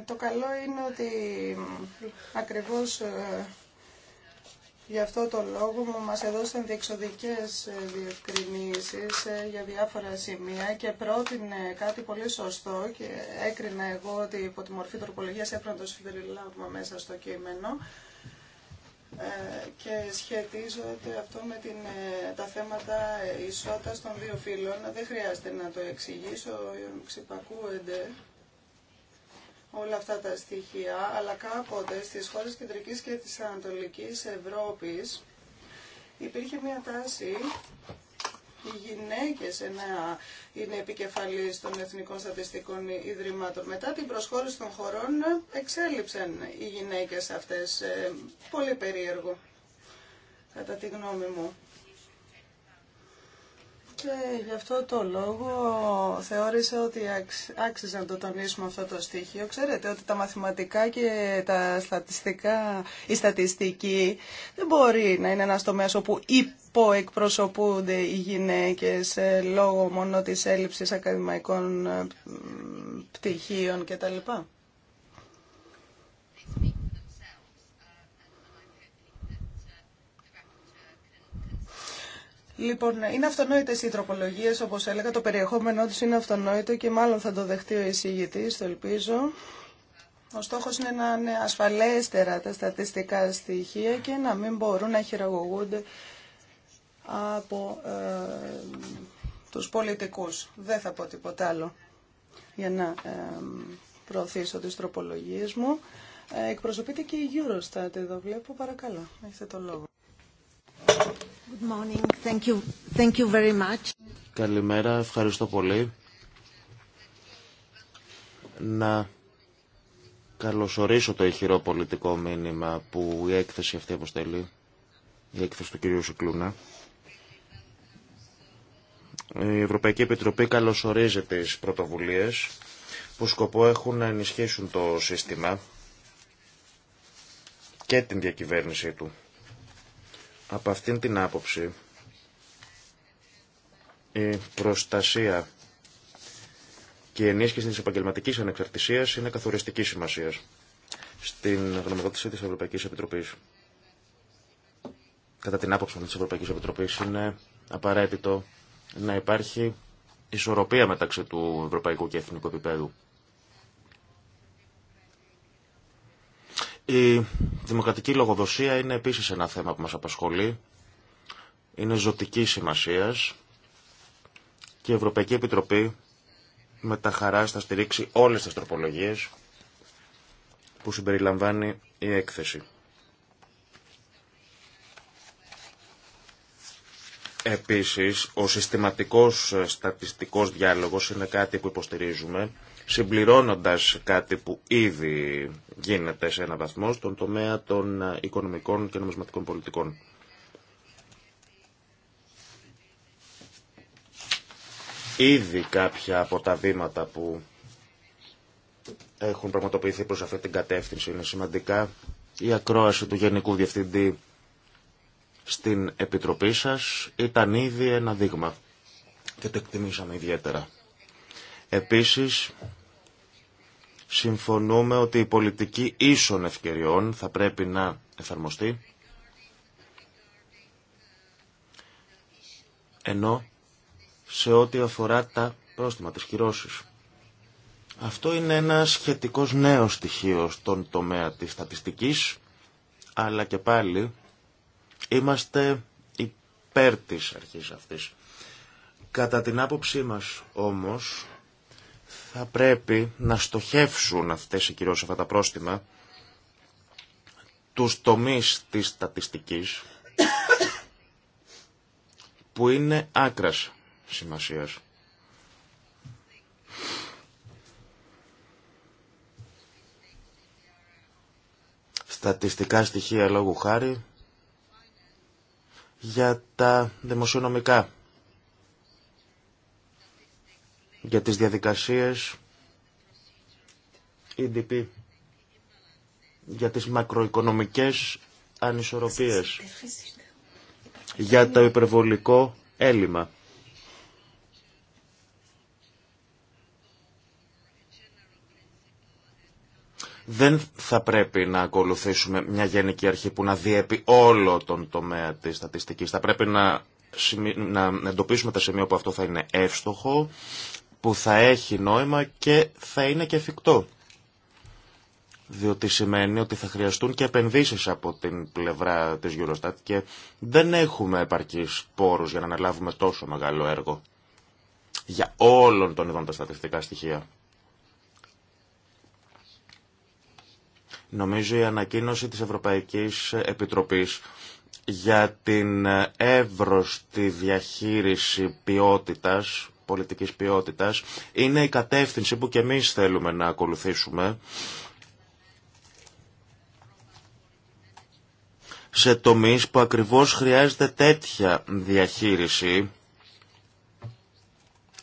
Το καλό είναι ότι ακριβώς ε, Γι' αυτό το λόγο μου μας έδωσαν διεξοδικές ε, διευκρινήσεις ε, για διάφορα σημεία και πρότεινε κάτι πολύ σωστό και έκρινα εγώ ότι υπό τη μορφή τροπολογίας έπρεπε να το συμπεριλάβουμε μέσα στο κείμενο ε, και σχετίζονται αυτό με την, τα θέματα ισότητας των δύο φύλων. Δεν χρειάζεται να το εξηγήσω, ξυπακούεται όλα αυτά τα στοιχεία, αλλά κάποτε στις χώρες κεντρικής και της Ανατολικής Ευρώπης υπήρχε μια τάση οι γυναίκες να είναι επικεφαλής των Εθνικών Στατιστικών Ιδρυμάτων. Μετά την προσχώρηση των χωρών εξέλιψαν οι γυναίκες αυτές. Ε, πολύ περίεργο, κατά τη γνώμη μου. Και γι' αυτό το λόγο θεώρησα ότι άξιζε να το τονίσουμε αυτό το στοιχείο. Ξέρετε ότι τα μαθηματικά και τα στατιστικά, η στατιστική δεν μπορεί να είναι ένας τομέας όπου υποεκπροσωπούνται οι γυναίκες λόγω μόνο της έλλειψης ακαδημαϊκών πτυχίων κτλ. Λοιπόν, είναι αυτονόητε οι τροπολογίε, όπω έλεγα. Το περιεχόμενό του είναι αυτονόητο και μάλλον θα το δεχτεί ο εισηγητή, το ελπίζω. Ο στόχο είναι να είναι ασφαλέστερα τα στατιστικά στοιχεία και να μην μπορούν να χειραγωγούνται από ε, τους πολιτικούς. Δεν θα πω τίποτα άλλο για να ε, προωθήσω τις τροπολογίες μου. Ε, εκπροσωπείται και η Eurostat εδώ, βλέπω, παρακαλώ, έχετε το λόγο. Καλημέρα, ευχαριστώ πολύ. Να καλωσορίσω το ηχηρό πολιτικό μήνυμα που η έκθεση αυτή αποστελεί, η έκθεση του κυρίου Σουκλούνα. Η Ευρωπαϊκή Επιτροπή καλωσορίζει τις πρωτοβουλίες που σκοπό έχουν να ενισχύσουν το σύστημα και την διακυβέρνησή του. Από αυτήν την άποψη η προστασία και η ενίσχυση της επαγγελματικής ανεξαρτησίας είναι καθοριστική σημασία στην γνωμοδότηση της Ευρωπαϊκής Επιτροπής. Κατά την άποψη της Ευρωπαϊκής Επιτροπής είναι απαραίτητο να υπάρχει ισορροπία μεταξύ του ευρωπαϊκού και εθνικού επίπεδου. Η δημοκρατική λογοδοσία είναι επίσης ένα θέμα που μας απασχολεί. Είναι ζωτική σημασίας και η Ευρωπαϊκή Επιτροπή με τα χαρά θα στηρίξει όλες τις τροπολογίες που συμπεριλαμβάνει η έκθεση. Επίσης, ο συστηματικός στατιστικός διάλογος είναι κάτι που υποστηρίζουμε συμπληρώνοντας κάτι που ήδη γίνεται σε έναν βαθμό στον τομέα των οικονομικών και νομισματικών πολιτικών. Ήδη κάποια από τα βήματα που έχουν πραγματοποιηθεί προς αυτή την κατεύθυνση είναι σημαντικά. Η ακρόαση του Γενικού Διευθυντή στην Επιτροπή σας ήταν ήδη ένα δείγμα και το εκτιμήσαμε ιδιαίτερα. Επίσης, συμφωνούμε ότι η πολιτική ίσων ευκαιριών θα πρέπει να εφαρμοστεί ενώ σε ό,τι αφορά τα πρόστιμα, της κυρώσεις. Αυτό είναι ένα σχετικός νέο στοιχείο στον τομέα της στατιστικής, αλλά και πάλι είμαστε υπέρ της αρχής αυτής. Κατά την άποψή μας όμως, θα πρέπει να στοχεύσουν αυτές οι κυρίως αυτά τα πρόστιμα τους τομείς της στατιστικής που είναι άκρας σημασίας. Στατιστικά στοιχεία λόγου χάρη για τα δημοσιονομικά για τις διαδικασίες EDP, για τις μακροοικονομικές ανισορροπίες, για το υπερβολικό έλλειμμα. δεν θα πρέπει να ακολουθήσουμε μια γενική αρχή που να διέπει όλο τον τομέα της στατιστικής. Θα πρέπει να, να εντοπίσουμε τα σημεία που αυτό θα είναι εύστοχο, που θα έχει νόημα και θα είναι και εφικτό. Διότι σημαίνει ότι θα χρειαστούν και επενδύσεις από την πλευρά της Eurostat και δεν έχουμε επαρκείς πόρους για να αναλάβουμε τόσο μεγάλο έργο για όλων των ειδών τα στατιστικά στοιχεία. Νομίζω η ανακοίνωση της Ευρωπαϊκής Επιτροπής για την εύρωστη διαχείριση ποιότητας πολιτικής ποιότητας είναι η κατεύθυνση που και εμεί θέλουμε να ακολουθήσουμε σε τομείς που ακριβώς χρειάζεται τέτοια διαχείριση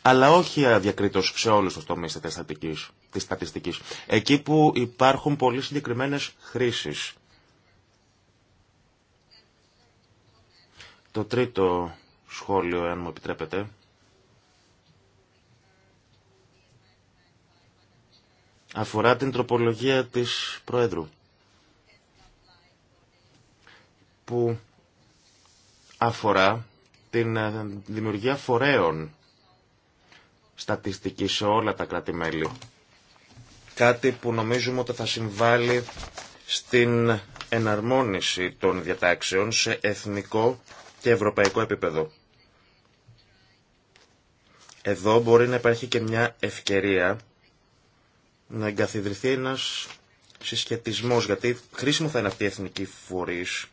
αλλά όχι αδιακρίτως σε όλους τους τομείς της στατιστικής. Εκεί που υπάρχουν πολύ συγκεκριμένες χρήσεις. Το τρίτο σχόλιο, αν μου επιτρέπετε, αφορά την τροπολογία της Προέδρου που αφορά την ε, δημιουργία φορέων στατιστική σε όλα τα κράτη-μέλη. Κάτι που νομίζουμε ότι θα συμβάλλει στην εναρμόνιση των διατάξεων σε εθνικό και ευρωπαϊκό επίπεδο. Εδώ μπορεί να υπάρχει και μια ευκαιρία να εγκαθιδρυθεί ένας συσχετισμός, γιατί χρήσιμο θα είναι αυτή η εθνική φορείς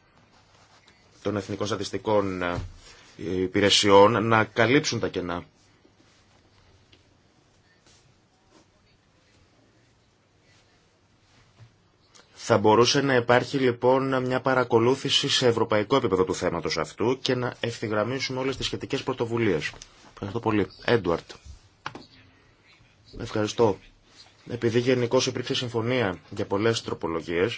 των εθνικών στατιστικών ε, υπηρεσιών να καλύψουν τα κενά. Θα μπορούσε να υπάρχει λοιπόν μια παρακολούθηση σε ευρωπαϊκό επίπεδο του θέματος αυτού και να ευθυγραμμίσουμε όλες τις σχετικές πρωτοβουλίες. Ευχαριστώ πολύ. Έντουαρτ. Ευχαριστώ επειδή γενικώ υπήρξε συμφωνία για πολλέ τροπολογίε,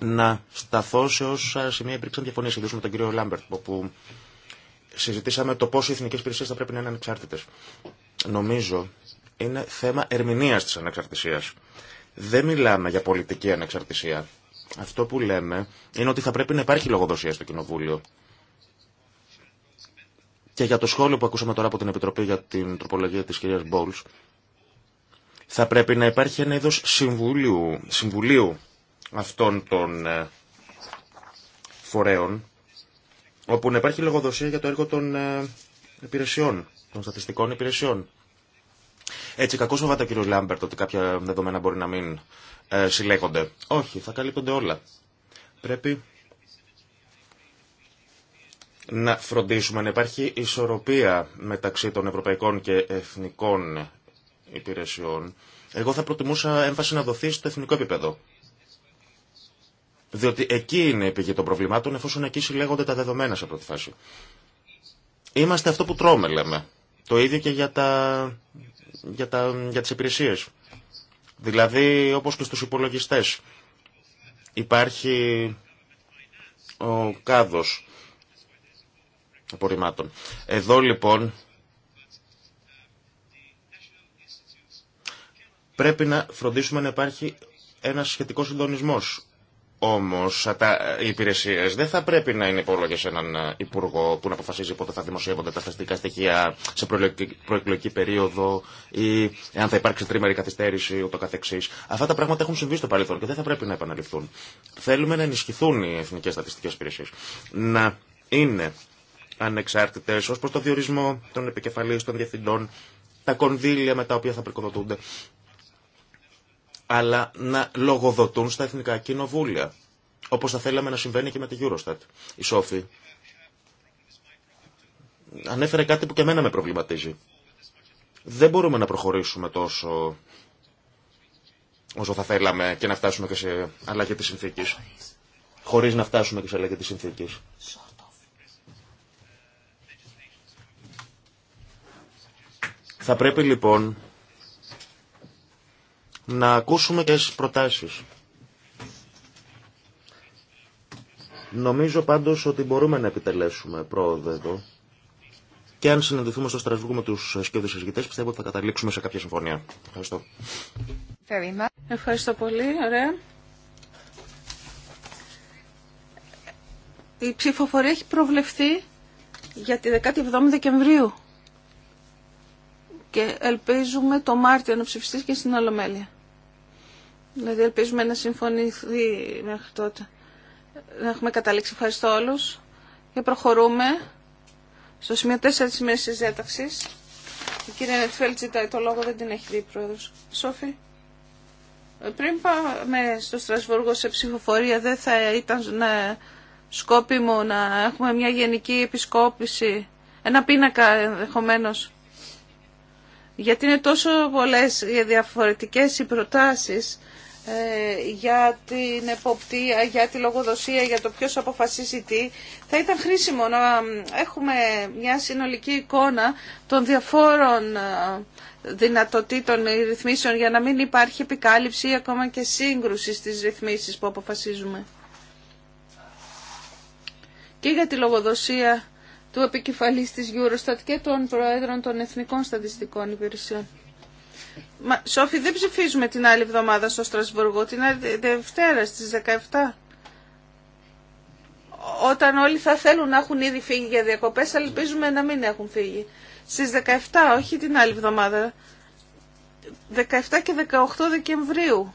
να σταθώ σε όσα σημεία υπήρξαν διαφωνίε, ιδίω με τον κύριο Λάμπερτ, όπου συζητήσαμε το πόσο οι εθνικέ υπηρεσίε θα πρέπει να είναι ανεξάρτητε. Νομίζω είναι θέμα ερμηνεία τη ανεξαρτησία. Δεν μιλάμε για πολιτική ανεξαρτησία. Αυτό που λέμε είναι ότι θα πρέπει να υπάρχει λογοδοσία στο Κοινοβούλιο. Και για το σχόλιο που ακούσαμε τώρα από την Επιτροπή για την τροπολογία τη κυρία Μπόλ, θα πρέπει να υπάρχει ένα είδος συμβουλίου, συμβουλίου αυτών των ε, φορέων, όπου να υπάρχει λογοδοσία για το έργο των ε, υπηρεσιών, των στατιστικών υπηρεσιών. Έτσι, κακώ φοβάται ο κύριο Λάμπερτ ότι κάποια δεδομένα μπορεί να μην ε, συλλέγονται. Όχι, θα καλύπτονται όλα. Πρέπει να φροντίσουμε να υπάρχει ισορροπία μεταξύ των ευρωπαϊκών και εθνικών υπηρεσιών, εγώ θα προτιμούσα έμφαση να δοθεί στο εθνικό επίπεδο. Διότι εκεί είναι η πηγή των προβλημάτων, εφόσον εκεί συλλέγονται τα δεδομένα σε πρώτη φάση. Είμαστε αυτό που τρώμε, λέμε. Το ίδιο και για, τα, για, τα, για τις υπηρεσίες. Δηλαδή, όπως και στους υπολογιστές. Υπάρχει ο κάδος απορριμμάτων. Εδώ λοιπόν Πρέπει να φροντίσουμε να υπάρχει ένα σχετικό συντονισμό. Όμω ε, οι υπηρεσίε δεν θα πρέπει να είναι υπόλογε σε έναν ε, υπουργό που να αποφασίζει πότε θα δημοσιεύονται τα στατιστικά στοιχεία σε προεκλογική περίοδο ή αν θα υπάρξει τρίμερη καθυστέρηση ούτω καθεξή. Αυτά τα πράγματα έχουν συμβεί στο παρελθόν και δεν θα πρέπει να επαναληφθούν. Θέλουμε να ενισχυθούν οι εθνικέ στατιστικέ υπηρεσίε. Να είναι ανεξάρτητε ω προ το διορισμό των επικεφαλή των διευθυντών, τα κονδύλια με τα οποία θα πρικοδοτούνται αλλά να λογοδοτούν στα εθνικά κοινοβούλια. Όπω θα θέλαμε να συμβαίνει και με τη Eurostat. Η Σόφη ανέφερε κάτι που και εμένα με προβληματίζει. Δεν μπορούμε να προχωρήσουμε τόσο όσο θα θέλαμε και να φτάσουμε και σε αλλαγή τη συνθήκη. Χωρί να φτάσουμε και σε αλλαγή τη συνθήκη. Θα πρέπει λοιπόν να ακούσουμε και τις προτάσεις. Νομίζω πάντως ότι μπορούμε να επιτελέσουμε πρόοδο εδώ. Και αν συναντηθούμε στο Στρασβούργο με τους σκέδους συζητητές, πιστεύω ότι θα καταλήξουμε σε κάποια συμφωνία. Ευχαριστώ. Ευχαριστώ πολύ. Ωραία. Η ψηφοφορία έχει προβλεφθεί για τη 17 η Δεκεμβρίου και ελπίζουμε το Μάρτιο να ψηφιστεί και στην Ολομέλεια. Δηλαδή ελπίζουμε να συμφωνηθεί μέχρι τότε. Να έχουμε καταλήξει. Ευχαριστώ όλους. Και προχωρούμε στο σημείο 4 της ημέρας της Η κυρία Νετφέλτ το λόγο, δεν την έχει δει η πρόεδρος. Σόφη. Ε, πριν πάμε στο Στρασβούργο σε ψηφοφορία, δεν θα ήταν ε, σκόπιμο να έχουμε μια γενική επισκόπηση, ένα πίνακα ενδεχομένω. Γιατί είναι τόσο πολλές διαφορετικές οι προτάσεις ε, για την εποπτεία, για τη λογοδοσία, για το ποιος αποφασίζει τι. Θα ήταν χρήσιμο να έχουμε μια συνολική εικόνα των διαφόρων ε, δυνατοτήτων ρυθμίσεων για να μην υπάρχει επικάλυψη ή ακόμα και σύγκρουση στις ρυθμίσεις που αποφασίζουμε. Και για τη λογοδοσία του επικεφαλής της Eurostat και των Προέδρων των Εθνικών Στατιστικών Υπηρεσιών. Μα, Σόφη, δεν ψηφίζουμε την άλλη εβδομάδα στο Στρασβούργο, την Δευτέρα στις 17. Όταν όλοι θα θέλουν να έχουν ήδη φύγει για διακοπές, ελπίζουμε να μην έχουν φύγει. Στις 17, όχι την άλλη εβδομάδα. 17 και 18 Δεκεμβρίου.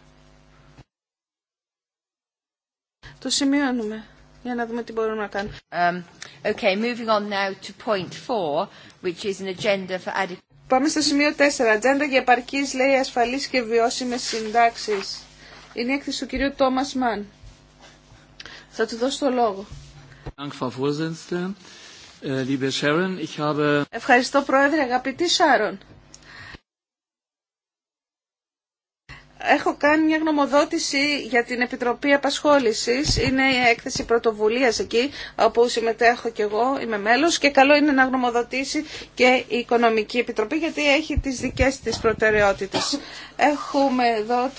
Το σημειώνουμε. Για να δούμε τι μπορούμε να κάνουμε. Um, okay, moving on now to point which is an agenda for Πάμε στο σημείο 4. Ατζέντα για επαρκή λέει ασφαλή και βιώσιμε συντάξει. Είναι η έκθεση του κυρίου Τόμας Μαν. Θα του δώσω το λόγο. Äh, Ευχαριστώ Πρόεδρε, αγαπητή Σάρων. Έχω κάνει μια γνωμοδότηση για την Επιτροπή Απασχόλησης. Είναι η έκθεση πρωτοβουλίας εκεί, όπου συμμετέχω κι εγώ, είμαι μέλος και καλό είναι να γνωμοδοτήσει και η Οικονομική Επιτροπή, γιατί έχει τις δικές της προτεραιότητες. Έχουμε εδώ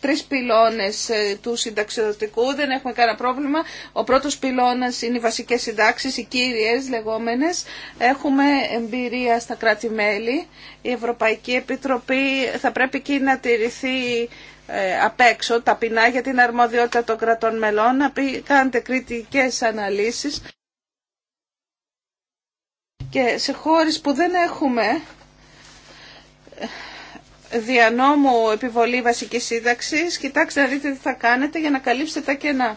τρεις πυλώνες ε, του συνταξιδοτικού, δεν έχουμε κανένα πρόβλημα. Ο πρώτος πυλώνας είναι οι βασικές συντάξεις, οι κύριες λεγόμενες. Έχουμε εμπειρία στα κράτη-μέλη. Η Ευρωπαϊκή Επιτροπή θα πρέπει εκεί να τηρηθεί ε, απ' έξω ταπεινά για την αρμοδιότητα των κρατών μελών, να κάνετε κριτικές αναλύσεις. Και σε χώρες που δεν έχουμε ε, διανόμου επιβολή βασικής σύνταξης, κοιτάξτε να δείτε τι θα κάνετε για να καλύψετε τα κενά.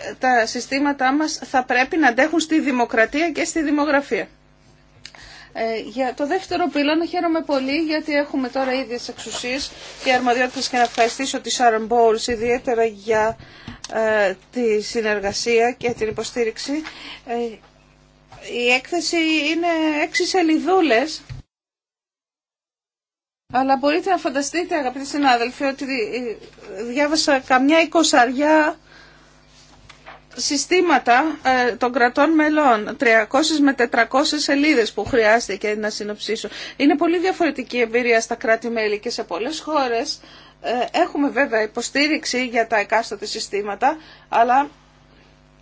Ε, τα συστήματά μας θα πρέπει να αντέχουν στη δημοκρατία και στη δημογραφία. Ε, για το δεύτερο να χαίρομαι πολύ γιατί έχουμε τώρα ίδιες εξουσίε και αρμοδιότητε και να ευχαριστήσω τη Σάρεν Μπόλ ιδιαίτερα για ε, τη συνεργασία και την υποστήριξη. Ε, η έκθεση είναι έξι σελιδούλε. Αλλά μπορείτε να φανταστείτε αγαπητοί συνάδελφοι ότι διάβασα καμιά εικοσαριά συστήματα ε, των κρατών μελών, 300 με 400 σελίδες που χρειάστηκε να συνοψίσω. Είναι πολύ διαφορετική εμπειρία στα κράτη-μέλη και σε πολλές χώρες. Ε, έχουμε βέβαια υποστήριξη για τα εκάστοτε συστήματα, αλλά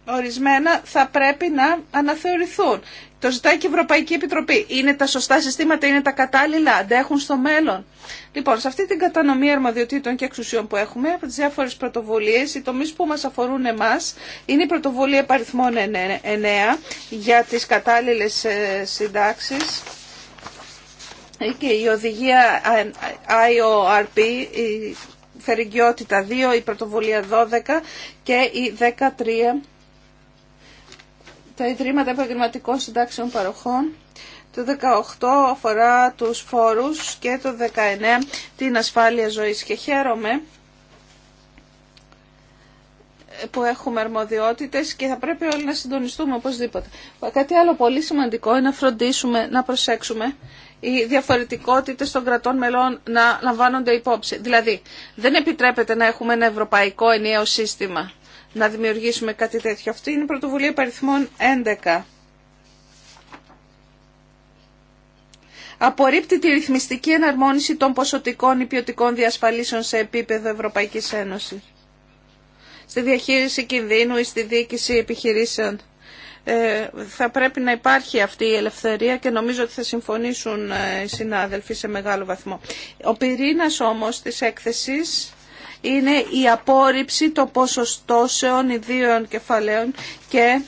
ορισμένα θα πρέπει να αναθεωρηθούν. Το ζητάει και η Ευρωπαϊκή Επιτροπή. Είναι τα σωστά συστήματα, είναι τα κατάλληλα, αντέχουν στο μέλλον. Λοιπόν, σε αυτή την κατανομή αρμοδιοτήτων και εξουσιών που έχουμε από τι διάφορε πρωτοβουλίε, οι τομεί που μα αφορούν εμά είναι η πρωτοβουλία επαριθμών 9 για τι κατάλληλε ε, συντάξει και η οδηγία ε, IORP, η φερικιότητα 2, η πρωτοβουλία 12 και η 13 τα Ιδρύματα Επαγγελματικών Συντάξεων Παροχών. Το 18 αφορά τους φόρους και το 19 την ασφάλεια ζωής και χαίρομαι που έχουμε αρμοδιότητες και θα πρέπει όλοι να συντονιστούμε οπωσδήποτε. Κάτι άλλο πολύ σημαντικό είναι να φροντίσουμε, να προσέξουμε οι διαφορετικότητες των κρατών μελών να λαμβάνονται υπόψη. Δηλαδή, δεν επιτρέπεται να έχουμε ένα ευρωπαϊκό ενιαίο σύστημα να δημιουργήσουμε κάτι τέτοιο. Αυτή είναι η πρωτοβουλία υπαριθμών 11. Απορρίπτει τη ρυθμιστική εναρμόνιση των ποσοτικών ή ποιοτικών διασφαλίσεων σε επίπεδο Ευρωπαϊκής Ένωσης. Στη διαχείριση κινδύνου ή στη διοίκηση επιχειρήσεων. Ε, θα πρέπει να υπάρχει αυτή η ελευθερία και νομίζω ότι θα συμφωνήσουν ε, οι συνάδελφοι σε μεγάλο βαθμό. Ο πυρήνας όμως της έκθεσης είναι η απόρριψη των ποσοστώσεων ιδίων κεφαλαίων και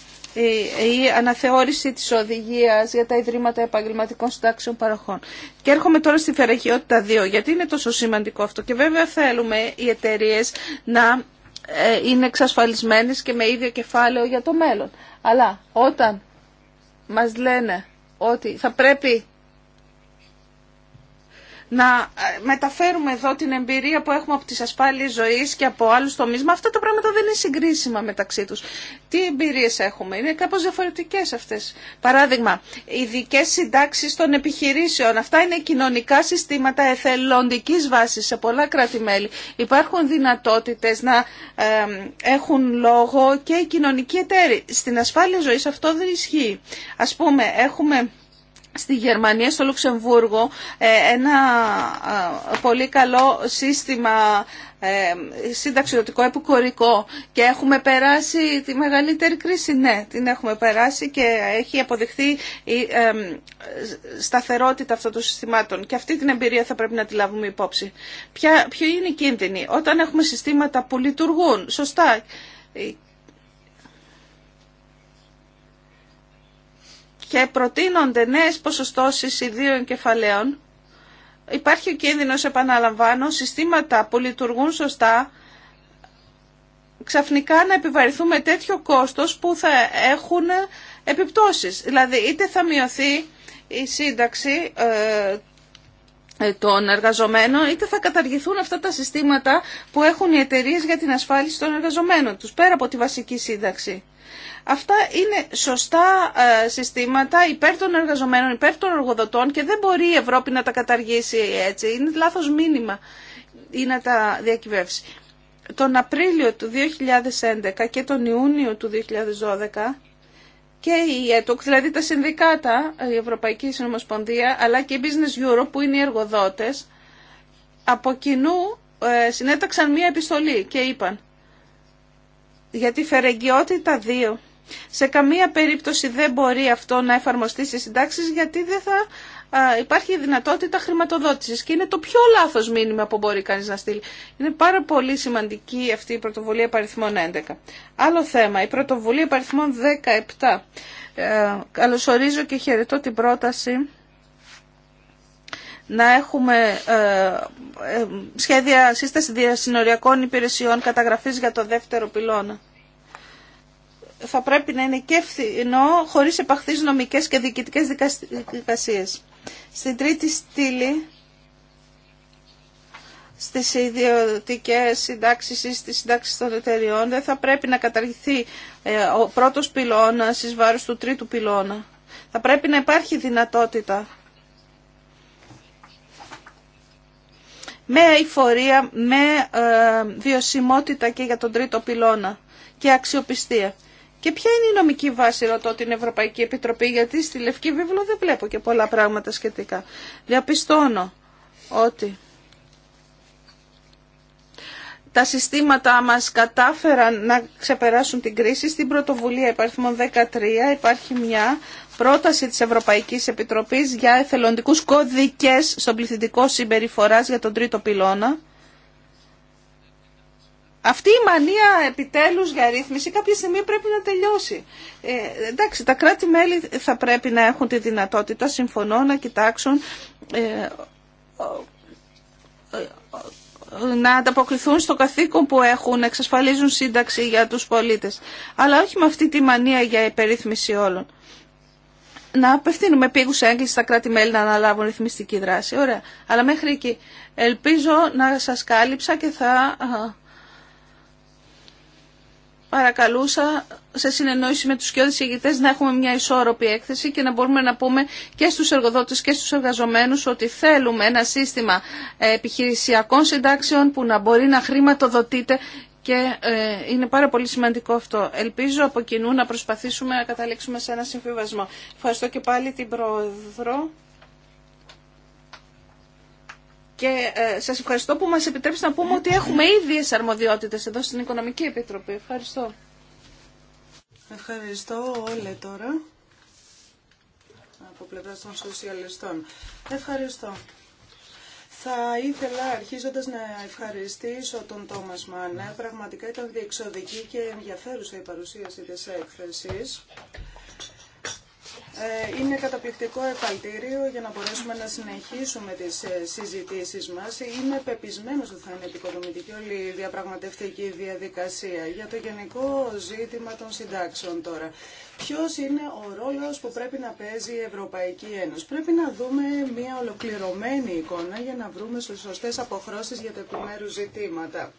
η αναθεώρηση της οδηγίας για τα Ιδρύματα Επαγγελματικών Συντάξεων Παροχών. Και έρχομαι τώρα στη φεραγιότητα 2, γιατί είναι τόσο σημαντικό αυτό. Και βέβαια θέλουμε οι εταιρείε να ε, είναι εξασφαλισμένες και με ίδιο κεφάλαιο για το μέλλον. Αλλά όταν μας λένε ότι θα πρέπει να ε, μεταφέρουμε εδώ την εμπειρία που έχουμε από τις ασφάλειες ζωής και από άλλους τομείς. Μα αυτά τα πράγματα δεν είναι συγκρίσιμα μεταξύ τους. Τι εμπειρίες έχουμε. Είναι κάπως διαφορετικές αυτές. Παράδειγμα, ειδικέ συντάξεις των επιχειρήσεων. Αυτά είναι κοινωνικά συστήματα εθελοντικής βάσης σε πολλά κράτη-μέλη. Υπάρχουν δυνατότητες να έχουν λόγο και οι κοινωνικοί εταίροι. Στην ασφάλεια ζωής αυτό δεν ισχύει. Ας πούμε, έχουμε στη Γερμανία, στο Λουξεμβούργο, ε, ένα ε, πολύ καλό σύστημα ε, συνταξιδοτικό επικορικό και έχουμε περάσει τη μεγαλύτερη κρίση, ναι, την έχουμε περάσει και έχει αποδειχθεί η σταθερότητα αυτών των συστημάτων και αυτή την εμπειρία θα πρέπει να τη λάβουμε υπόψη. Ποια, ποιο είναι η κίνδυνη όταν έχουμε συστήματα που λειτουργούν σωστά και προτείνονται νέες ποσοστώσεις ιδίων κεφαλαίων, υπάρχει ο κίνδυνος, επαναλαμβάνω, συστήματα που λειτουργούν σωστά, ξαφνικά να με τέτοιο κόστος που θα έχουν επιπτώσεις. Δηλαδή είτε θα μειωθεί η σύνταξη ε, ε, των εργαζομένων, είτε θα καταργηθούν αυτά τα συστήματα που έχουν οι εταιρείε για την ασφάλιση των εργαζομένων τους, πέρα από τη βασική σύνταξη. Αυτά είναι σωστά ε, συστήματα υπέρ των εργαζομένων, υπέρ των εργοδοτών και δεν μπορεί η Ευρώπη να τα καταργήσει έτσι. Είναι λάθος μήνυμα ή να τα διακυβεύσει. Τον Απρίλιο του 2011 και τον Ιούνιο του 2012 και η ΕΤΟΚ, δηλαδή τα συνδικάτα, η Ευρωπαϊκή Συνομοσπονδία, αλλά και η Business Europe που είναι οι εργοδότες, από κοινού ε, συνέταξαν μία επιστολή και είπαν για τη φερεγγιότητα σε καμία περίπτωση δεν μπορεί αυτό να εφαρμοστεί σε συντάξει γιατί δεν θα υπάρχει δυνατότητα χρηματοδότησης και είναι το πιο λάθος μήνυμα που μπορεί κανείς να στείλει. Είναι πάρα πολύ σημαντική αυτή η πρωτοβουλία παριθμών 11. Άλλο θέμα, η πρωτοβουλία παριθμών 17. Ε, καλωσορίζω και χαιρετώ την πρόταση να έχουμε ε, ε, σχέδια σύσταση διασυνοριακών υπηρεσιών καταγραφής για το δεύτερο πυλώνα θα πρέπει να είναι και φθηνό, χωρίς επαχθείς νομικές και διοικητικές δικασίες. Στην τρίτη στήλη, στις ιδιωτικές συντάξεις ή στις συντάξεις των εταιριών, δεν θα πρέπει να καταργηθεί ε, ο πρώτος πυλώνα στις βάρους του τρίτου πυλώνα. Θα πρέπει να υπάρχει δυνατότητα με ειφορία, με ε, βιωσιμότητα και για τον τρίτο πυλώνα και αξιοπιστία. Και ποια είναι η νομική βάση, ρωτώ την Ευρωπαϊκή Επιτροπή, γιατί στη Λευκή Βίβλο δεν βλέπω και πολλά πράγματα σχετικά. Διαπιστώνω ότι τα συστήματα μας κατάφεραν να ξεπεράσουν την κρίση. Στην πρωτοβουλία υπάρχουν 13 υπάρχει μια πρόταση της Ευρωπαϊκής Επιτροπής για εθελοντικούς κωδικές στον πληθυντικό συμπεριφοράς για τον τρίτο πυλώνα. Αυτή η μανία επιτέλους για ρύθμιση κάποια στιγμή πρέπει να τελειώσει. Ε, εντάξει, τα κράτη-μέλη θα πρέπει να έχουν τη δυνατότητα, συμφωνώ, να κοιτάξουν ε, να ανταποκριθούν στο καθήκον που έχουν, να εξασφαλίζουν σύνταξη για τους πολίτες. Αλλά όχι με αυτή τη μανία για υπερρύθμιση όλων. Να απευθύνουμε πήγους έγκληση στα κράτη-μέλη να αναλάβουν ρυθμιστική δράση. Ωραία. Αλλά μέχρι εκεί. Ελπίζω να σας κάλυψα και θα παρακαλούσα σε συνεννόηση με τους κοιόδες ηγητές να έχουμε μια ισόρροπη έκθεση και να μπορούμε να πούμε και στους εργοδότες και στους εργαζομένους ότι θέλουμε ένα σύστημα ε, επιχειρησιακών συντάξεων που να μπορεί να χρηματοδοτείται και ε, είναι πάρα πολύ σημαντικό αυτό. Ελπίζω από κοινού να προσπαθήσουμε να καταλήξουμε σε ένα συμφιβασμό. Ευχαριστώ και πάλι την Πρόεδρο. Και ε, σας ευχαριστώ που μας επιτρέψετε να πούμε ότι έχουμε ίδιες αρμοδιότητε εδώ στην Οικονομική Επιτροπή. Ευχαριστώ. Ευχαριστώ όλε τώρα από πλευρά των σοσιαλιστών. Ευχαριστώ. Θα ήθελα αρχίζοντας να ευχαριστήσω τον Τόμας Μάνε. Πραγματικά ήταν διεξοδική και ενδιαφέρουσα η παρουσίαση της έκθεσης. Ε, είναι καταπληκτικό επαλτήριο για να μπορέσουμε να συνεχίσουμε τις ε, συζητήσεις μας. Είμαι πεπισμένος ότι θα είναι επικοδομητική όλη η διαπραγματευτική διαδικασία για το γενικό ζήτημα των συντάξεων τώρα. Ποιος είναι ο ρόλος που πρέπει να παίζει η Ευρωπαϊκή Ένωση. Πρέπει να δούμε μια ολοκληρωμένη εικόνα για να βρούμε σωστές αποχρώσεις για τα επιμέρου ζητήματα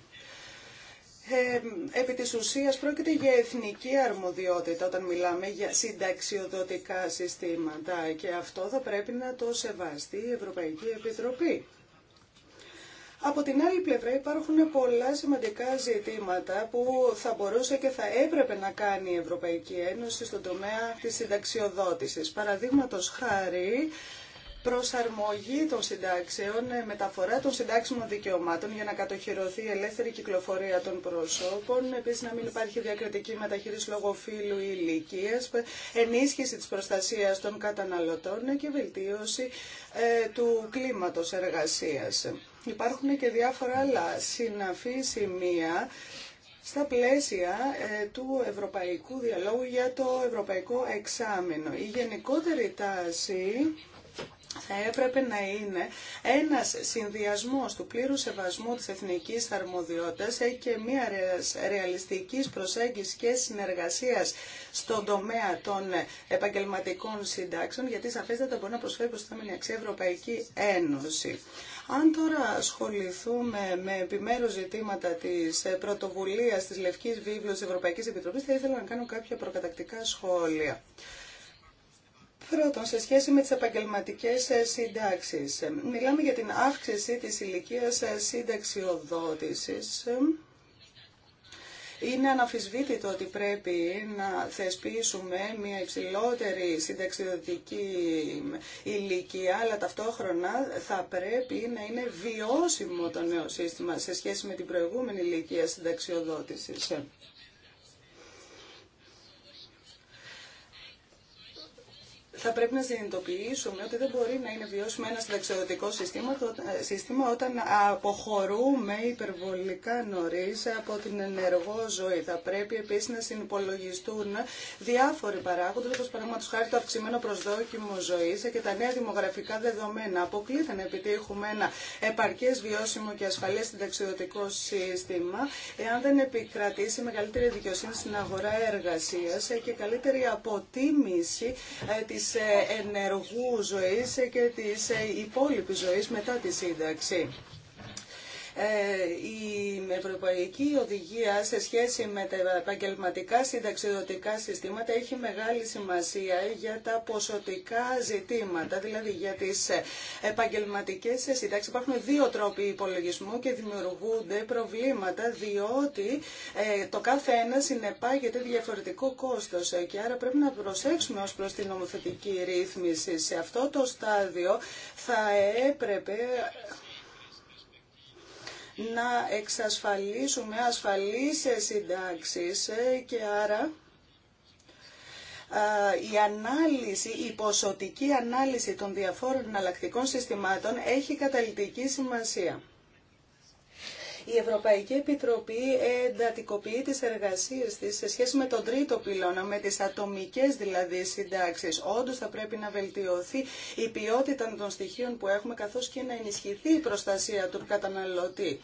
ε, επί της ουσίας πρόκειται για εθνική αρμοδιότητα όταν μιλάμε για συνταξιοδοτικά συστήματα και αυτό θα πρέπει να το σεβαστεί η Ευρωπαϊκή Επιτροπή. Από την άλλη πλευρά υπάρχουν πολλά σημαντικά ζητήματα που θα μπορούσε και θα έπρεπε να κάνει η Ευρωπαϊκή Ένωση στον τομέα της συνταξιοδότησης. Παραδείγματος χάρη, προσαρμογή των συντάξεων, ε, μεταφορά των συντάξιμων δικαιωμάτων για να κατοχυρωθεί η ελεύθερη κυκλοφορία των προσώπων, επίση να μην υπάρχει διακριτική μεταχείριση λόγω φύλου ή ηλικία, ε, ενίσχυση τη προστασία των καταναλωτών ε, και βελτίωση του κλίματο εργασία. Υπάρχουν και διάφορα άλλα συναφή σημεία στα πλαίσια του Ευρωπαϊκού Διαλόγου για το Ευρωπαϊκό Εξάμεινο. Η γενικότερη τάση θα έπρεπε να είναι ένας συνδυασμός του πλήρου σεβασμού της εθνικής αρμοδιότητας ε, και μια ρεαλιστικής προσέγγισης και συνεργασίας στον τομέα των επαγγελματικών συντάξεων, γιατί σαφέστατα μπορεί να προσφέρει την αξία Ευρωπαϊκή Ένωση. Αν τώρα ασχοληθούμε με επιμέρους ζητήματα της πρωτοβουλίας της Λευκής Βίβλος της Ευρωπαϊκής Επιτροπής, θα ήθελα να κάνω κάποια προκατακτικά σχόλια. Πρώτον, σε σχέση με τις επαγγελματικέ ε, συντάξεις. Ε, μιλάμε για την αύξηση της ηλικία ε, συνταξιοδότησης. Είναι αναφυσβήτητο ότι πρέπει να θεσπίσουμε μια υψηλότερη συνταξιδοτική ηλικία, αλλά ταυτόχρονα θα πρέπει να είναι βιώσιμο το νέο σύστημα σε σχέση με την προηγούμενη ηλικία συνταξιοδότησης. θα πρέπει να συνειδητοποιήσουμε ότι δεν μπορεί να είναι βιώσιμο ένα συνταξιοδοτικό σύστημα ε, όταν αποχωρούμε υπερβολικά νωρί από την ενεργό ζωή. Θα πρέπει επίση να συνυπολογιστούν διάφοροι παράγοντε, όπω παραδείγματο χάρη το αυξημένο προσδόκιμο ζωή και τα νέα δημογραφικά δεδομένα. Αποκλείται να επιτύχουμε ένα επαρκέ, βιώσιμο και ασφαλέ συνταξιοδοτικό σύστημα, εάν δεν επικρατήσει μεγαλύτερη δικαιοσύνη στην αγορά εργασία και καλύτερη αποτίμηση ε, της ε, ενεργού ζωής και της ε, υπόλοιπης ζωής μετά τη σύνταξη. Ε, η Ευρωπαϊκή Οδηγία σε σχέση με τα επαγγελματικά συνταξιδοτικά συστήματα έχει μεγάλη σημασία για τα ποσοτικά ζητήματα, δηλαδή για τις ε, επαγγελματικές συντάξεις. Υπάρχουν δύο τρόποι υπολογισμού και δημιουργούνται προβλήματα διότι ε, το κάθε ένα συνεπάγεται διαφορετικό κόστος και άρα πρέπει να προσέξουμε ως προς την νομοθετική ρύθμιση. Σε αυτό το στάδιο θα έπρεπε να εξασφαλίσουμε ασφαλείς συντάξεις ε, και άρα ε, η ανάλυση, η ποσοτική ανάλυση των διαφόρων εναλλακτικών συστημάτων έχει καταλητική σημασία. Η Ευρωπαϊκή Επιτροπή εντατικοποιεί τις εργασίες της σε σχέση με τον τρίτο πυλώνα, με τις ατομικές δηλαδή συντάξεις. Όντως θα πρέπει να βελτιωθεί η ποιότητα των στοιχείων που έχουμε καθώς και να ενισχυθεί η προστασία του καταναλωτή.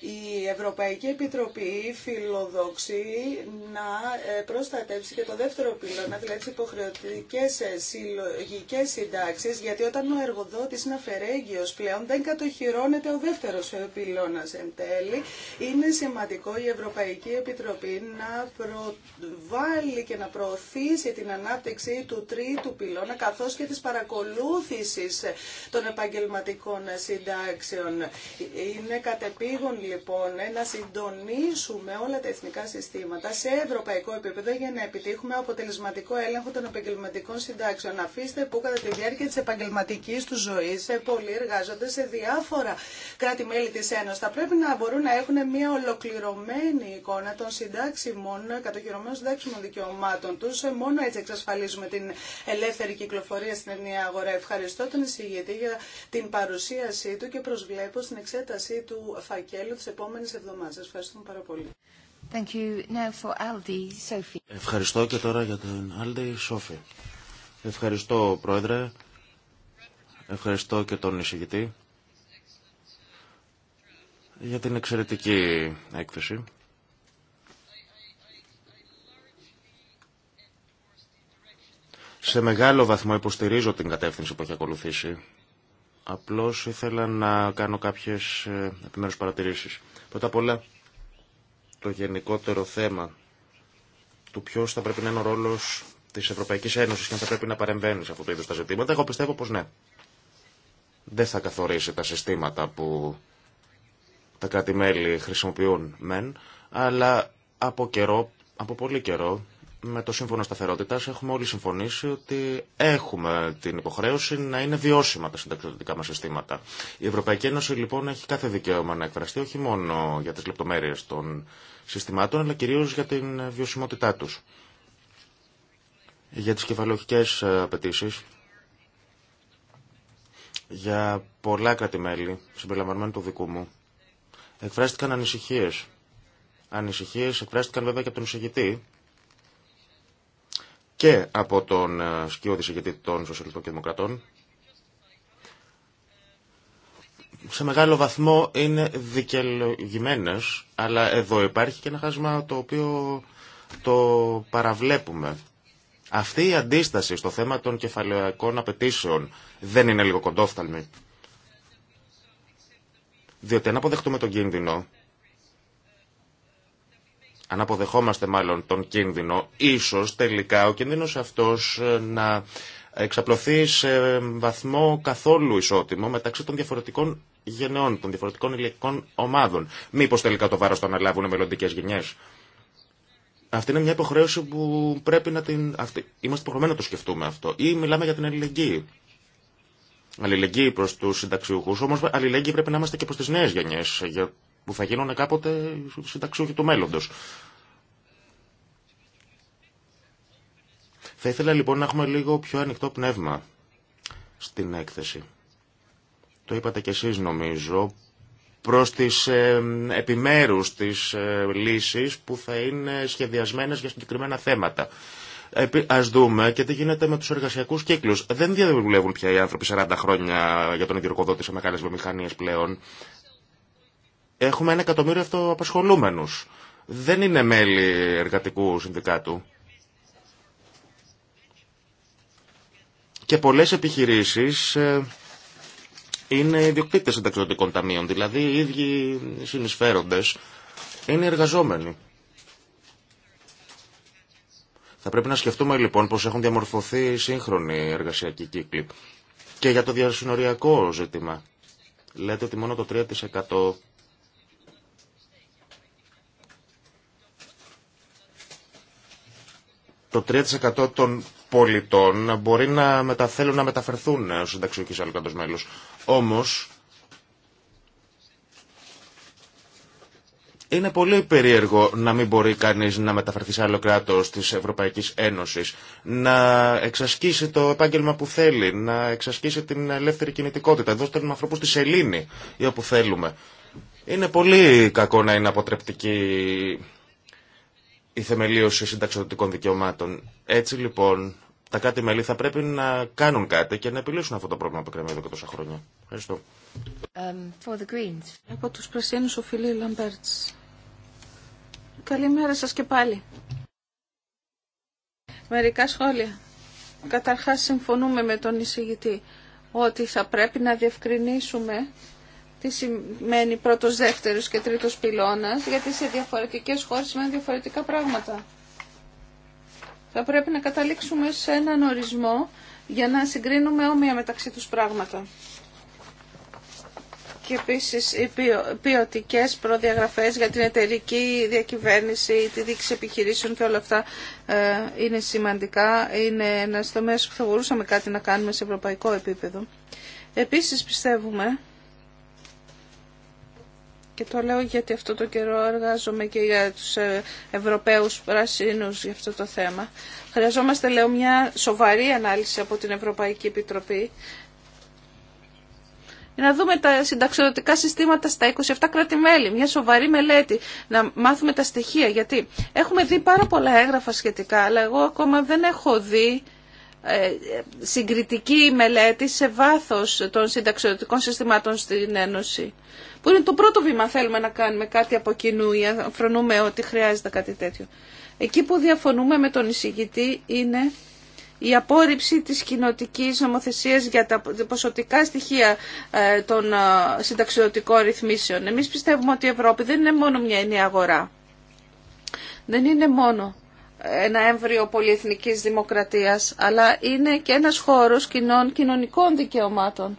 Η Ευρωπαϊκή Επιτροπή φιλοδοξεί να ε, προστατεύσει και το δεύτερο πυλώνα, δηλαδή τι υποχρεωτικέ ε, συλλογικέ συντάξει, γιατί όταν ο εργοδότη είναι αφαιρέγγυο πλέον δεν κατοχυρώνεται ο δεύτερο ε, πυλώνα. Εν τέλει, είναι σημαντικό η Ευρωπαϊκή Επιτροπή να προβάλλει και να προωθήσει την ανάπτυξη του τρίτου πυλώνα, καθώ και τη παρακολούθηση των επαγγελματικών συντάξεων. Είναι κατεπήγον λοιπόν να συντονίσουμε όλα τα εθνικά συστήματα σε ευρωπαϊκό επίπεδο για να επιτύχουμε αποτελεσματικό έλεγχο των επαγγελματικών συντάξεων. Αφήστε που κατά τη διάρκεια τη επαγγελματική του ζωής ε, πολλοί εργάζονται σε διάφορα κράτη-μέλη της Ένωση. Θα πρέπει να μπορούν να έχουν μια ολοκληρωμένη εικόνα των συντάξιμων, κατοχυρωμένων συντάξιμων δικαιωμάτων του. Ε, μόνο έτσι εξασφαλίζουμε την ελεύθερη κυκλοφορία στην ενιαία αγορά. Ευχαριστώ τον εισηγητή για την παρουσίασή του και προσβλέπω στην εξέτασή του φακέλου κύκλο τις επόμενες εβδομάδες. Σας ευχαριστούμε πάρα πολύ. Thank you. Now for Aldi, Sophie. Ευχαριστώ και τώρα για τον Άλντι Σόφη. Ευχαριστώ Πρόεδρε. Ευχαριστώ και τον εισηγητή για την εξαιρετική έκθεση. Σε μεγάλο βαθμό υποστηρίζω την κατεύθυνση που έχει ακολουθήσει Απλώς ήθελα να κάνω κάποιες ε, επιμέρους παρατηρήσεις. Πρώτα απ' όλα, το γενικότερο θέμα του ποιος θα πρέπει να είναι ο ρόλος της Ευρωπαϊκής Ένωσης και αν θα πρέπει να παρεμβαίνει σε αυτό το είδο τα ζητήματα, εγώ πιστεύω πως ναι. Δεν θα καθορίσει τα συστήματα που τα κράτη-μέλη χρησιμοποιούν μεν, αλλά από καιρό, από πολύ καιρό, με το Σύμφωνο Σταθερότητα έχουμε όλοι συμφωνήσει ότι έχουμε την υποχρέωση να είναι βιώσιμα τα συνταξιδοτικά μα συστήματα. Η Ευρωπαϊκή Ένωση λοιπόν έχει κάθε δικαίωμα να εκφραστεί όχι μόνο για τι λεπτομέρειε των συστημάτων, αλλά κυρίω για την βιωσιμότητά του. Για τι κεφαλαιοχικέ απαιτήσει, για πολλά κράτη-μέλη, συμπεριλαμβανομένου του δικού μου, εκφράστηκαν ανησυχίε. Ανησυχίε εκφράστηκαν βέβαια και από τον εισηγητή, και από τον ε, Σκύο συγκεκριτή των Σοσιαλιστών και Δημοκρατών. Σε μεγάλο βαθμό είναι δικαιολογημένες, αλλά εδώ υπάρχει και ένα χάσμα το οποίο το παραβλέπουμε. Αυτή η αντίσταση στο θέμα των κεφαλαιακών απαιτήσεων δεν είναι λίγο κοντόφθαλμη. Διότι αν αποδεχτούμε τον κίνδυνο αν αποδεχόμαστε μάλλον τον κίνδυνο, ίσως τελικά ο κίνδυνος αυτός ε, να εξαπλωθεί σε βαθμό καθόλου ισότιμο μεταξύ των διαφορετικών γενεών, των διαφορετικών ηλικικών ομάδων. Μήπως τελικά το βάρος το αναλάβουν οι μελλοντικές γενιές. Αυτή είναι μια υποχρέωση που πρέπει να την... Αυτή... Είμαστε υποχρεωμένοι να το σκεφτούμε αυτό. Ή μιλάμε για την αλληλεγγύη. Αλληλεγγύη προς τους συνταξιούχους, όμως αλληλεγγύη πρέπει να είμαστε και προς τις νέες γενιές, που θα γίνουν κάποτε συνταξιούχοι του μέλλοντος. Θα ήθελα λοιπόν να έχουμε λίγο πιο ανοιχτό πνεύμα στην έκθεση. Το είπατε κι εσείς νομίζω, προς τις ε, επιμέρους της ε, λύσεις που θα είναι σχεδιασμένες για συγκεκριμένα θέματα. ας δούμε και τι γίνεται με τους εργασιακούς κύκλους. Δεν διαβουλεύουν πια οι άνθρωποι 40 χρόνια για τον ιδιοκοδότη σε μεγάλες βιομηχανίες πλέον. Έχουμε ένα εκατομμύριο αυτοαπασχολούμενους. Δεν είναι μέλη εργατικού συνδικάτου. Και πολλές επιχειρήσεις ε, είναι ιδιοκτήτες συνταξιδοτικών ταμείων, δηλαδή οι ίδιοι συνεισφέροντες είναι εργαζόμενοι. Θα πρέπει να σκεφτούμε λοιπόν πως έχουν διαμορφωθεί σύγχρονοι εργασιακοί κύκλοι. Και για το διασυνοριακό ζήτημα. Λέτε ότι μόνο το 3% το 3% των πολιτών μπορεί να μεταθέλουν να μεταφερθούν ως συνταξιούχοι σε άλλο μέλος. Όμως, είναι πολύ περίεργο να μην μπορεί κανείς να μεταφερθεί σε άλλο κράτος της Ευρωπαϊκής Ένωσης, να εξασκήσει το επάγγελμα που θέλει, να εξασκήσει την ελεύθερη κινητικότητα. Εδώ στέλνουμε ανθρώπου στη Σελήνη ή όπου θέλουμε. Είναι πολύ κακό να είναι αποτρεπτική η θεμελίωση συνταξιδοτικών δικαιωμάτων. Έτσι λοιπόν τα κάτι μέλη θα πρέπει να κάνουν κάτι και να επιλύσουν αυτό το πρόβλημα που κρεμεί εδώ και τόσα χρόνια. Ευχαριστώ. Um, for the Greens. Από τους Πρασίνους ο Φιλί Λαμπέρτς. Καλημέρα σας και πάλι. Μερικά σχόλια. Καταρχάς συμφωνούμε με τον εισηγητή ότι θα πρέπει να διευκρινίσουμε τι σημαίνει πρώτος, δεύτερος και τρίτος πυλώνας, γιατί σε διαφορετικές χώρες σημαίνουν διαφορετικά πράγματα. Θα πρέπει να καταλήξουμε σε έναν ορισμό για να συγκρίνουμε όμοια μεταξύ τους πράγματα. Και επίσης οι ποιοτικέ προδιαγραφές για την εταιρική διακυβέρνηση, τη δίκηση επιχειρήσεων και όλα αυτά ε, είναι σημαντικά. Είναι ένα τομέα που θα μπορούσαμε κάτι να κάνουμε σε ευρωπαϊκό επίπεδο. Επίσης πιστεύουμε και το λέω γιατί αυτό το καιρό εργάζομαι και για τους ε, Ευρωπαίους πράσινους για αυτό το θέμα. Χρειαζόμαστε, λέω, μια σοβαρή ανάλυση από την Ευρωπαϊκή Επιτροπή να δούμε τα συνταξιδοτικά συστήματα στα 27 κράτη-μέλη, μια σοβαρή μελέτη, να μάθουμε τα στοιχεία. Γιατί έχουμε δει πάρα πολλά έγγραφα σχετικά, αλλά εγώ ακόμα δεν έχω δει ε, συγκριτική μελέτη σε βάθος των συνταξιωτικών συστημάτων στην Ένωση. Που είναι το πρώτο βήμα θέλουμε να κάνουμε κάτι από κοινού ή να φρονούμε ότι χρειάζεται κάτι τέτοιο. Εκεί που διαφωνούμε με τον εισηγητή είναι η απόρριψη της κοινοτική νομοθεσίας για τα ποσοτικά στοιχεία ε, των ε, συνταξιωτικών ρυθμίσεων. Εμείς πιστεύουμε ότι η Ευρώπη δεν είναι μόνο μια ενιαία αγορά. Δεν είναι μόνο ένα έμβριο πολυεθνικής δημοκρατίας, αλλά είναι και ένας χώρος κοινών, κοινωνικών δικαιωμάτων.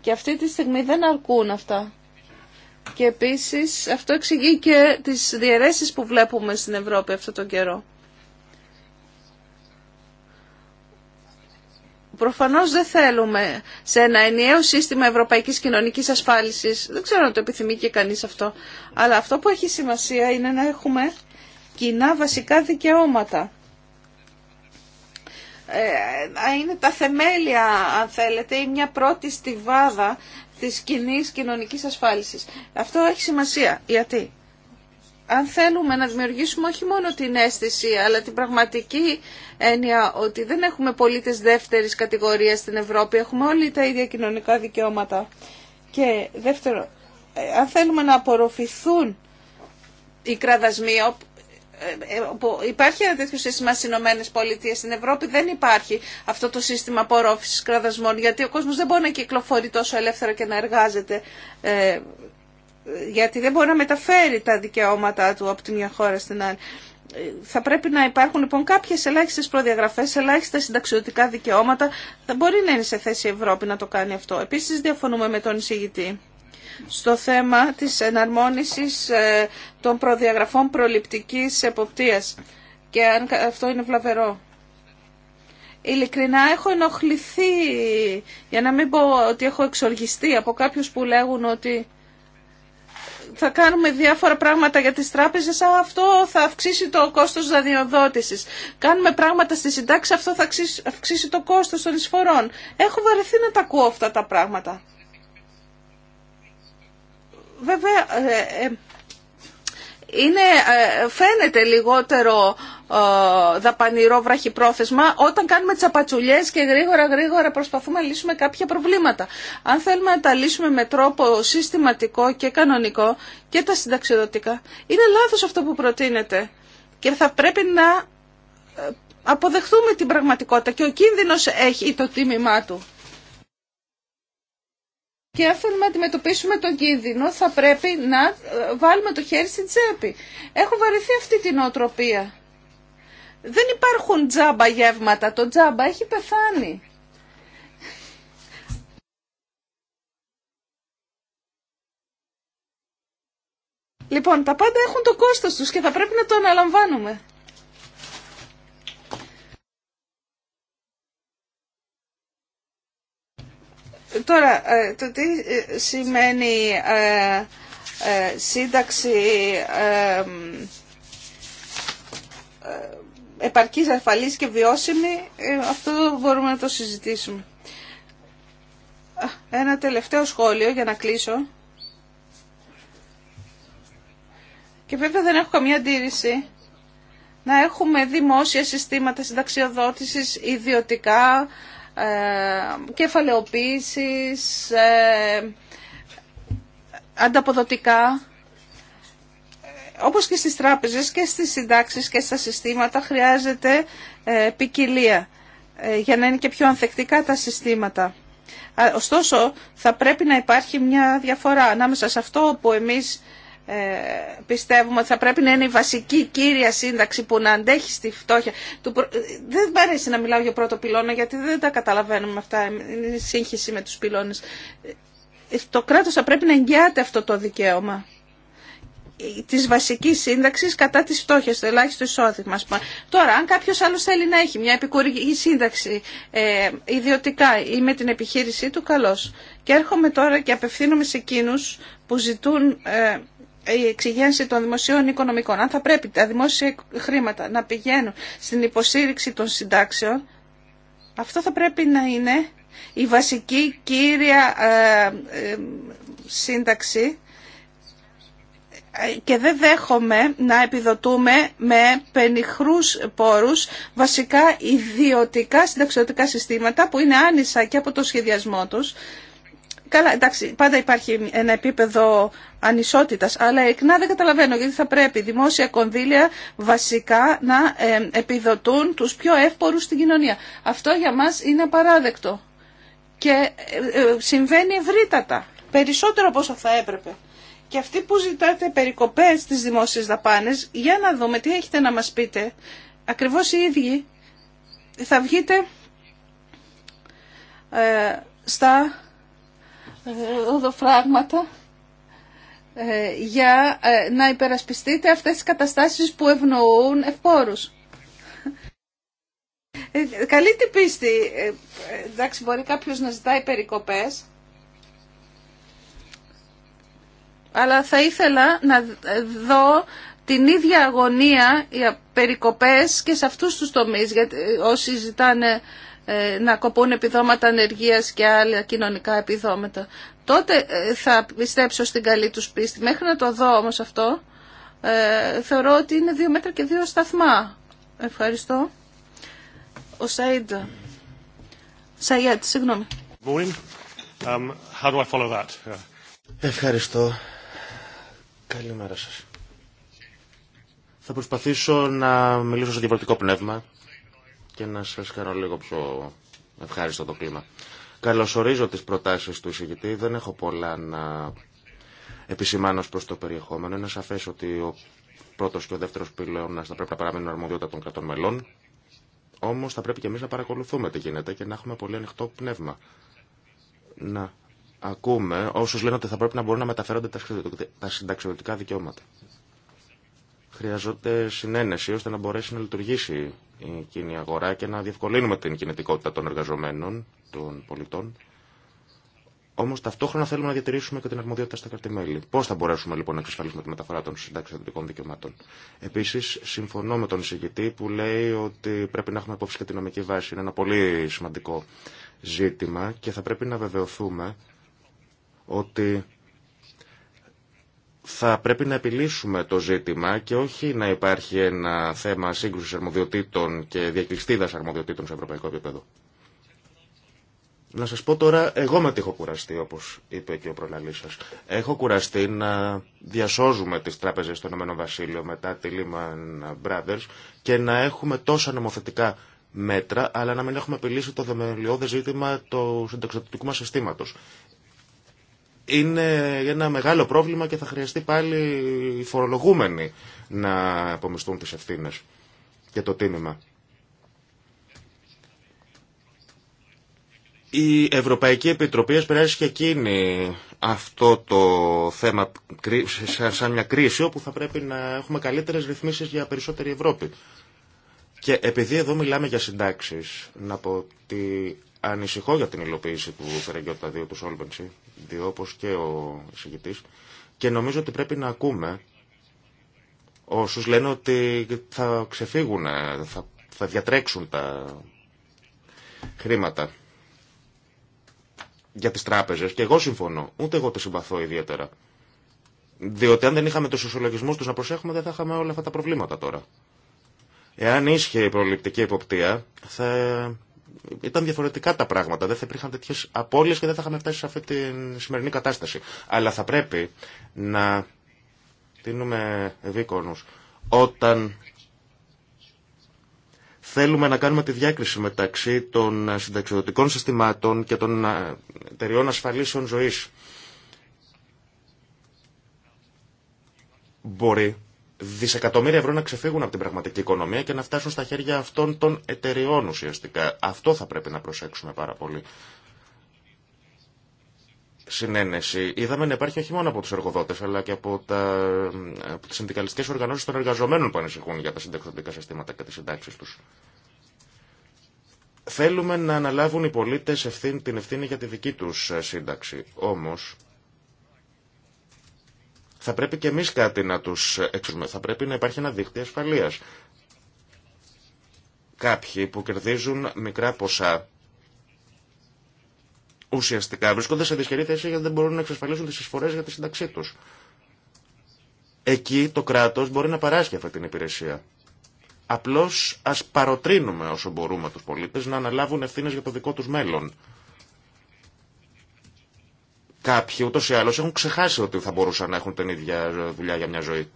Και αυτή τη στιγμή δεν αρκούν αυτά. Και επίσης αυτό εξηγεί και τις διαιρέσεις που βλέπουμε στην Ευρώπη αυτό τον καιρό. Προφανώς δεν θέλουμε σε ένα ενιαίο σύστημα ευρωπαϊκής κοινωνικής ασφάλισης. Δεν ξέρω αν το επιθυμεί και κανείς αυτό. Αλλά αυτό που έχει σημασία είναι να έχουμε κοινά βασικά δικαιώματα. Ε, είναι τα θεμέλια, αν θέλετε, ή μια πρώτη στιβάδα της κοινή κοινωνικής ασφάλισης. Αυτό έχει σημασία. Γιατί αν θέλουμε να δημιουργήσουμε όχι μόνο την αίσθηση, αλλά την πραγματική έννοια ότι δεν έχουμε πολίτες δεύτερης κατηγορίας στην Ευρώπη, έχουμε όλοι τα ίδια κοινωνικά δικαιώματα. Και δεύτερο, ε, αν θέλουμε να απορροφηθούν οι κραδασμοί, ε, ε, που υπάρχει ένα τέτοιο σύστημα στι Ηνωμένε Πολιτείε. Στην Ευρώπη δεν υπάρχει αυτό το σύστημα απορρόφηση κραδασμών, γιατί ο κόσμο δεν μπορεί να κυκλοφορεί τόσο ελεύθερο και να εργάζεται, ε, γιατί δεν μπορεί να μεταφέρει τα δικαιώματά του από τη μια χώρα στην άλλη. Ε, θα πρέπει να υπάρχουν λοιπόν κάποιε ελάχιστε προδιαγραφέ, ελάχιστα συνταξιωτικά δικαιώματα. δεν μπορεί να είναι σε θέση η Ευρώπη να το κάνει αυτό. Επίση, διαφωνούμε με τον εισηγητή στο θέμα της εναρμόνισης ε, των προδιαγραφών προληπτικής εποπτείας και αν αυτό είναι βλαβερό. Ειλικρινά έχω ενοχληθεί, για να μην πω ότι έχω εξοργιστεί από κάποιους που λέγουν ότι θα κάνουμε διάφορα πράγματα για τις τράπεζες, αυτό θα αυξήσει το κόστος δανειοδότησης. Κάνουμε πράγματα στη συντάξη, αυτό θα αυξήσει το κόστος των εισφορών. Έχω βαρεθεί να τα ακούω αυτά τα πράγματα. Βέβαια, ε, ε, είναι, ε, φαίνεται λιγότερο δαπανηρό βραχυπρόθεσμα όταν κάνουμε τσαπατσουλιές και γρήγορα γρήγορα προσπαθούμε να λύσουμε κάποια προβλήματα. Αν θέλουμε να τα λύσουμε με τρόπο συστηματικό και κανονικό και τα συνταξιδοτικά, είναι λάθος αυτό που προτείνεται και θα πρέπει να αποδεχθούμε την πραγματικότητα και ο κίνδυνος έχει το τίμημά του. Και αν θέλουμε να αντιμετωπίσουμε τον κίνδυνο θα πρέπει να ε, βάλουμε το χέρι στην τσέπη. Έχω βαρεθεί αυτή την οτροπία. Δεν υπάρχουν τζάμπα γεύματα. Το τζάμπα έχει πεθάνει. Λοιπόν, τα πάντα έχουν το κόστος τους και θα πρέπει να το αναλαμβάνουμε. Τώρα, ε, το τι ε, σημαίνει ε, σύνταξη επαρκής ασφαλής και βιώσιμη, αυτό μπορούμε να το συζητήσουμε. Ένα τελευταίο σχόλιο για να κλείσω. Και βέβαια δεν έχω καμία αντίρρηση να έχουμε δημόσια συστήματα συνταξιοδότησης ιδιωτικά ε, κεφαλαιοποίησης, ε, ανταποδοτικά. Ε, όπως και στις τράπεζες και στις συντάξεις και στα συστήματα χρειάζεται ποικιλία για να είναι και πιο ανθεκτικά τα συστήματα. Ωστόσο, θα πρέπει να υπάρχει μια διαφορά ανάμεσα σε αυτό που εμείς ε, πιστεύουμε ότι θα πρέπει να είναι η βασική κύρια σύνταξη που να αντέχει στη φτώχεια. Ε, δεν μ' να μιλάω για πρώτο πυλώνα γιατί δεν τα καταλαβαίνουμε αυτά. Είναι σύγχυση με τους πυλώνες. Ε, το κράτος θα πρέπει να εγγυάται αυτό το δικαίωμα τη βασική σύνταξη κατά τη φτώχεια, το ελάχιστο εισόδημα. Τώρα, αν κάποιο άλλο θέλει να έχει μια επικουρική σύνταξη ε, ιδιωτικά ή με την επιχείρησή του, καλώ. Και έρχομαι τώρα και απευθύνομαι σε εκείνου που ζητούν η εξηγένση των δημοσίων οικονομικών. Αν θα πρέπει τα δημόσια χρήματα να πηγαίνουν στην υποσύρριξη των συντάξεων, αυτό θα πρέπει να είναι η βασική κύρια ε, ε, σύνταξη και δεν δέχομαι να επιδοτούμε με πενιχρούς πόρους βασικά ιδιωτικά συνταξιωτικά συστήματα που είναι άνισα και από το σχεδιασμό τους Καλά, εντάξει, πάντα υπάρχει ένα επίπεδο ανισότητας, αλλά εκνά δεν καταλαβαίνω γιατί θα πρέπει δημόσια κονδύλια βασικά να ε, επιδοτούν τους πιο εύπορους στην κοινωνία. Αυτό για μας είναι απαράδεκτο και ε, ε, συμβαίνει ευρύτατα, περισσότερο από όσο θα έπρεπε. Και αυτοί που ζητάτε περικοπές στι δημόσιες δαπάνες, για να δούμε τι έχετε να μα πείτε. ακριβώ οι ίδιοι θα βγείτε στα οδοφράγματα ε, για ε, να υπερασπιστείτε αυτές τις καταστάσεις που ευνοούν ευπόρους. Ε, καλή την πίστη. εντάξει, μπορεί κάποιος να ζητάει περικοπές. Αλλά θα ήθελα να δω την ίδια αγωνία για περικοπές και σε αυτούς τους τομείς, γιατί όσοι ζητάνε ε, να κοπούν επιδόματα ανεργίας και άλλα κοινωνικά επιδόματα. Τότε ε, θα πιστέψω στην καλή του πίστη. Μέχρι να το δω όμως αυτό, ε, θεωρώ ότι είναι δύο μέτρα και δύο σταθμά. Ευχαριστώ. Ο Σαΐντ. Σαϊντ, συγγνώμη. Um, how do I follow Ευχαριστώ. Καλημέρα σας. Θα προσπαθήσω να μιλήσω σε διαφορετικό πνεύμα και να σας κάνω λίγο πιο ευχάριστο το κλίμα. Καλωσορίζω τις προτάσεις του εισηγητή. Δεν έχω πολλά να επισημάνω προς το περιεχόμενο. Είναι σαφές ότι ο πρώτο και ο δεύτερος πυλώνας θα πρέπει να παραμείνουν αρμοδιότητα των κρατών μελών. Όμως θα πρέπει και εμείς να παρακολουθούμε τι γίνεται και να έχουμε πολύ ανοιχτό πνεύμα. Να ακούμε όσους λένε ότι θα πρέπει να μπορούν να μεταφέρονται τα συνταξιδοτικά δικαιώματα χρειάζονται συνένεση ώστε να μπορέσει να λειτουργήσει η κοινή αγορά και να διευκολύνουμε την κινητικότητα των εργαζομένων, των πολιτών. Όμω ταυτόχρονα θέλουμε να διατηρήσουμε και την αρμοδιότητα στα κρατημέλη. Πώ θα μπορέσουμε λοιπόν να εξασφαλίσουμε τη μεταφορά των συντάξεων δικαιωμάτων. Επίση, συμφωνώ με τον εισηγητή που λέει ότι πρέπει να έχουμε υπόψη και την νομική βάση. Είναι ένα πολύ σημαντικό ζήτημα και θα πρέπει να βεβαιωθούμε ότι θα πρέπει να επιλύσουμε το ζήτημα και όχι να υπάρχει ένα θέμα σύγκρουσης αρμοδιοτήτων και διακλειστίδας αρμοδιοτήτων σε ευρωπαϊκό επίπεδο. Να σα πω τώρα, εγώ με τι έχω κουραστεί, όπως είπε και ο προλαλή σα. Έχω κουραστεί να διασώζουμε τις τράπεζες στο ΕΒ Βασίλειο μετά τη Lehman Brothers και να έχουμε τόσα νομοθετικά μέτρα, αλλά να μην έχουμε επιλύσει το δεμελιώδε ζήτημα του συνταξιδοτικού μας συστήματος είναι ένα μεγάλο πρόβλημα και θα χρειαστεί πάλι οι φορολογούμενοι να απομιστούν τις ευθύνε και το τίμημα. Η Ευρωπαϊκή Επιτροπή περάσει και εκείνη αυτό το θέμα σαν μια κρίση όπου θα πρέπει να έχουμε καλύτερες ρυθμίσεις για περισσότερη Ευρώπη. Και επειδή εδώ μιλάμε για συντάξεις, να πω ότι ανησυχώ για την υλοποίηση του Φεραγγιώτα 2 του Σόλβενση δύο όπως και ο εισηγητής, και νομίζω ότι πρέπει να ακούμε όσους λένε ότι θα ξεφύγουν, θα, θα διατρέξουν τα χρήματα για τις τράπεζες. Και εγώ συμφωνώ, ούτε εγώ τη συμπαθώ ιδιαίτερα. Διότι αν δεν είχαμε τους ισολογισμούς τους να προσέχουμε δεν θα είχαμε όλα αυτά τα προβλήματα τώρα. Εάν ίσχυε η προληπτική υποπτία θα ήταν διαφορετικά τα πράγματα. Δεν θα υπήρχαν τέτοιε απώλειε και δεν θα είχαμε φτάσει σε αυτή τη σημερινή κατάσταση. Αλλά θα πρέπει να δίνουμε ευήκονους όταν θέλουμε να κάνουμε τη διάκριση μεταξύ των συνταξιδοτικών συστημάτων και των εταιριών ασφαλίσεων ζωής. Μπορεί δισεκατομμύρια ευρώ να ξεφύγουν από την πραγματική οικονομία και να φτάσουν στα χέρια αυτών των εταιριών ουσιαστικά. Αυτό θα πρέπει να προσέξουμε πάρα πολύ. Συνένεση. Είδαμε να υπάρχει όχι μόνο από του εργοδότε, αλλά και από, τα, από τι συνδικαλιστικέ οργανώσει των εργαζομένων που ανησυχούν για τα συνταξιδοτικά συστήματα και τι συντάξει του. Θέλουμε να αναλάβουν οι πολίτε την ευθύνη για τη δική του ε, σύνταξη. Όμω, θα πρέπει και εμείς κάτι να τους εξούμε. Θα πρέπει να υπάρχει ένα δίκτυο ασφαλείας. Κάποιοι που κερδίζουν μικρά ποσά ουσιαστικά βρίσκονται σε δυσχερή θέση γιατί δεν μπορούν να εξασφαλίσουν τις εισφορές για τη σύνταξή τους. Εκεί το κράτος μπορεί να παράσχει αυτή την υπηρεσία. Απλώς ας παροτρύνουμε όσο μπορούμε τους πολίτες να αναλάβουν ευθύνες για το δικό τους μέλλον. Κάποιοι ούτω ή άλλω έχουν ξεχάσει ότι θα μπορούσαν να έχουν την ίδια δουλειά για μια ζωή.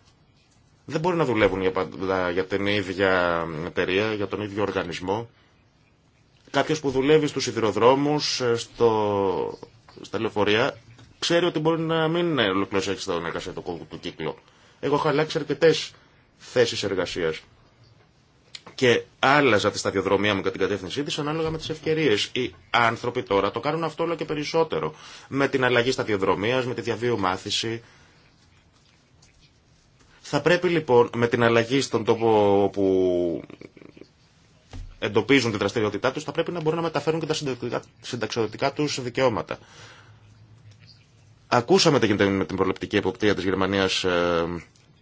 Δεν μπορεί να δουλεύουν για, για την ίδια εταιρεία, για τον ίδιο οργανισμό. Κάποιο που δουλεύει στου σιδηροδρόμου, ε, στο, στα λεωφορεία, ξέρει ότι μπορεί να μην ολοκληρώσει τον εργασία του κύκλο. Εγώ έχω αλλάξει αρκετέ θέσει εργασία και άλλαζα τη σταδιοδρομία μου και την κατεύθυνσή τη ανάλογα με τι ευκαιρίε. Οι άνθρωποι τώρα το κάνουν αυτό όλο και περισσότερο. Με την αλλαγή σταδιοδρομία, με τη διαβίου μάθηση. Θα πρέπει λοιπόν με την αλλαγή στον τόπο που εντοπίζουν τη δραστηριότητά του, θα πρέπει να μπορούν να μεταφέρουν και τα συνταξιδοτικά του δικαιώματα. Ακούσαμε με την προληπτική εποπτεία τη Γερμανία ε,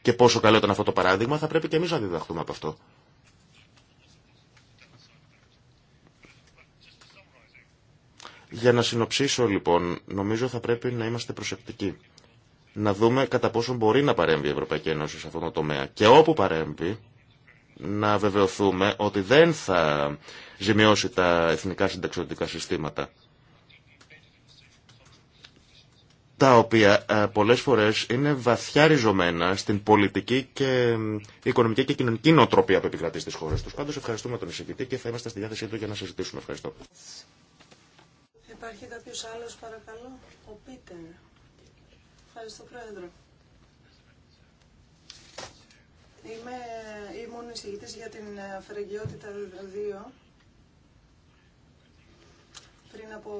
και πόσο καλό ήταν αυτό το παράδειγμα. Θα πρέπει και εμείς να διδαχθούμε από αυτό. Για να συνοψίσω λοιπόν, νομίζω θα πρέπει να είμαστε προσεκτικοί. Να δούμε κατά πόσο μπορεί να παρέμβει η Ευρωπαϊκή Ένωση σε αυτό το τομέα. Και όπου παρέμβει, να βεβαιωθούμε ότι δεν θα ζημιώσει τα εθνικά συνταξιωτικά συστήματα. τα οποία ε, πολλές φορές είναι βαθιά ριζωμένα στην πολιτική και οικονομική και κοινωνική νοοτροπία που επικρατεί στις χώρες τους. Πάντως ευχαριστούμε τον εισηγητή και θα είμαστε στη διάθεσή του για να συζητήσουμε. Ευχαριστώ. Υπάρχει κάποιος άλλος παρακαλώ. Ο Πίτερ. Ευχαριστώ Πρόεδρο. Είμαι, ήμουν εισηγητής για την αφαιρεγγιότητα 2 πριν από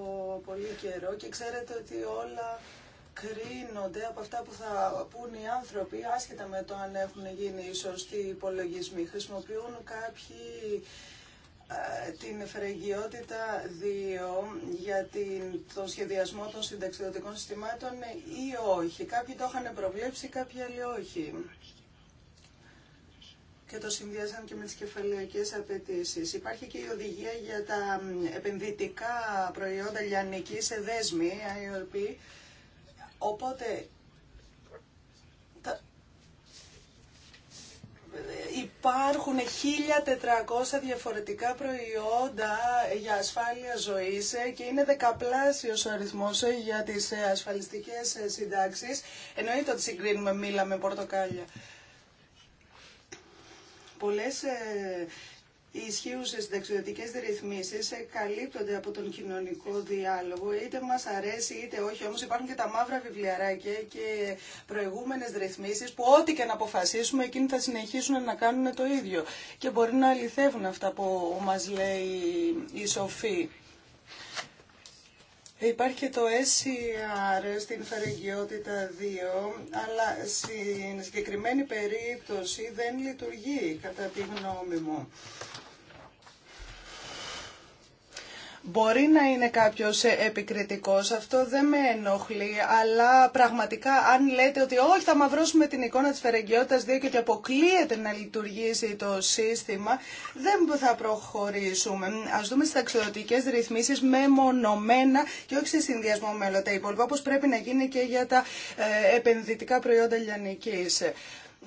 πολύ καιρό και ξέρετε ότι όλα κρίνονται από αυτά που θα πούν οι άνθρωποι, άσχετα με το αν έχουν γίνει οι σωστοί υπολογισμοί. Χρησιμοποιούν κάποιοι ε, την φρεγιότητα 2 για την, τον σχεδιασμό των συνταξιδοτικών συστημάτων ε, ή όχι. Κάποιοι το είχαν προβλέψει, κάποιοι άλλοι όχι. Και το συνδυάσαν και με τις κεφαλαιακές απαιτήσει. Υπάρχει και η οδηγία για τα επενδυτικά προϊόντα λιανικής δέσμη, IOP. Οπότε Υπάρχουν 1.400 διαφορετικά προϊόντα για ασφάλεια ζωής και είναι δεκαπλάσιος ο αριθμός για τις ασφαλιστικές συντάξεις. Εννοείται ότι συγκρίνουμε μήλα με πορτοκάλια. Πολλές ε, οι ισχύουσε συνταξιδοτικέ ρυθμίσει ε, καλύπτονται από τον κοινωνικό διάλογο. Είτε μα αρέσει είτε όχι, όμω υπάρχουν και τα μαύρα βιβλιαράκια και προηγούμενε ρυθμίσει που ό,τι και να αποφασίσουμε εκείνοι θα συνεχίσουν να κάνουν το ίδιο. Και μπορεί να αληθεύουν αυτά που μα λέει η Σοφή. Υπάρχει και το SCR στην φαρεγγιότητα 2, αλλά στην συγκεκριμένη περίπτωση δεν λειτουργεί, κατά τη γνώμη μου. Μπορεί να είναι κάποιος επικριτικός, αυτό δεν με ενοχλεί, αλλά πραγματικά αν λέτε ότι όχι θα μαυρώσουμε την εικόνα της φερεγγιότητας 2 και ότι αποκλείεται να λειτουργήσει το σύστημα, δεν θα προχωρήσουμε. Ας δούμε στις αξιωτικές ρυθμίσεις μεμονωμένα και όχι σε συνδυασμό με όλα τα υπόλοιπα, όπως πρέπει να γίνει και για τα ε, επενδυτικά προϊόντα λιανικής.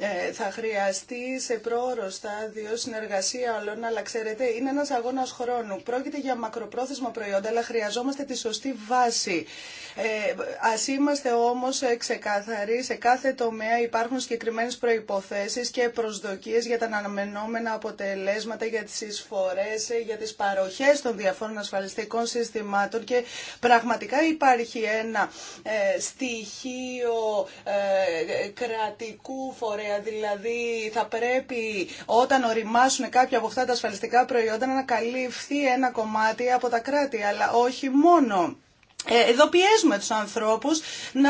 Ε, θα χρειαστεί σε πρόωρο στάδιο συνεργασία όλων, αλλά ξέρετε, είναι ένας αγώνας χρόνου. Πρόκειται για μακροπρόθεσμα προϊόντα, αλλά χρειαζόμαστε τη σωστή βάση. Ε, ας είμαστε όμως ξεκαθαροί, σε κάθε τομέα υπάρχουν συγκεκριμένες προϋποθέσεις και προσδοκίες για τα αναμενόμενα αποτελέσματα, για τις εισφορές, για τις παροχές των διαφόρων ασφαλιστικών συστημάτων και πραγματικά υπάρχει ένα ε, στοιχείο ε, κρατικού φορέα, δηλαδή θα πρέπει όταν οριμάσουν κάποια από αυτά τα ασφαλιστικά προϊόντα να καλύφθει ένα κομμάτι από τα κράτη, αλλά όχι μόνο. Ε, εδώ πιέζουμε τους ανθρώπους να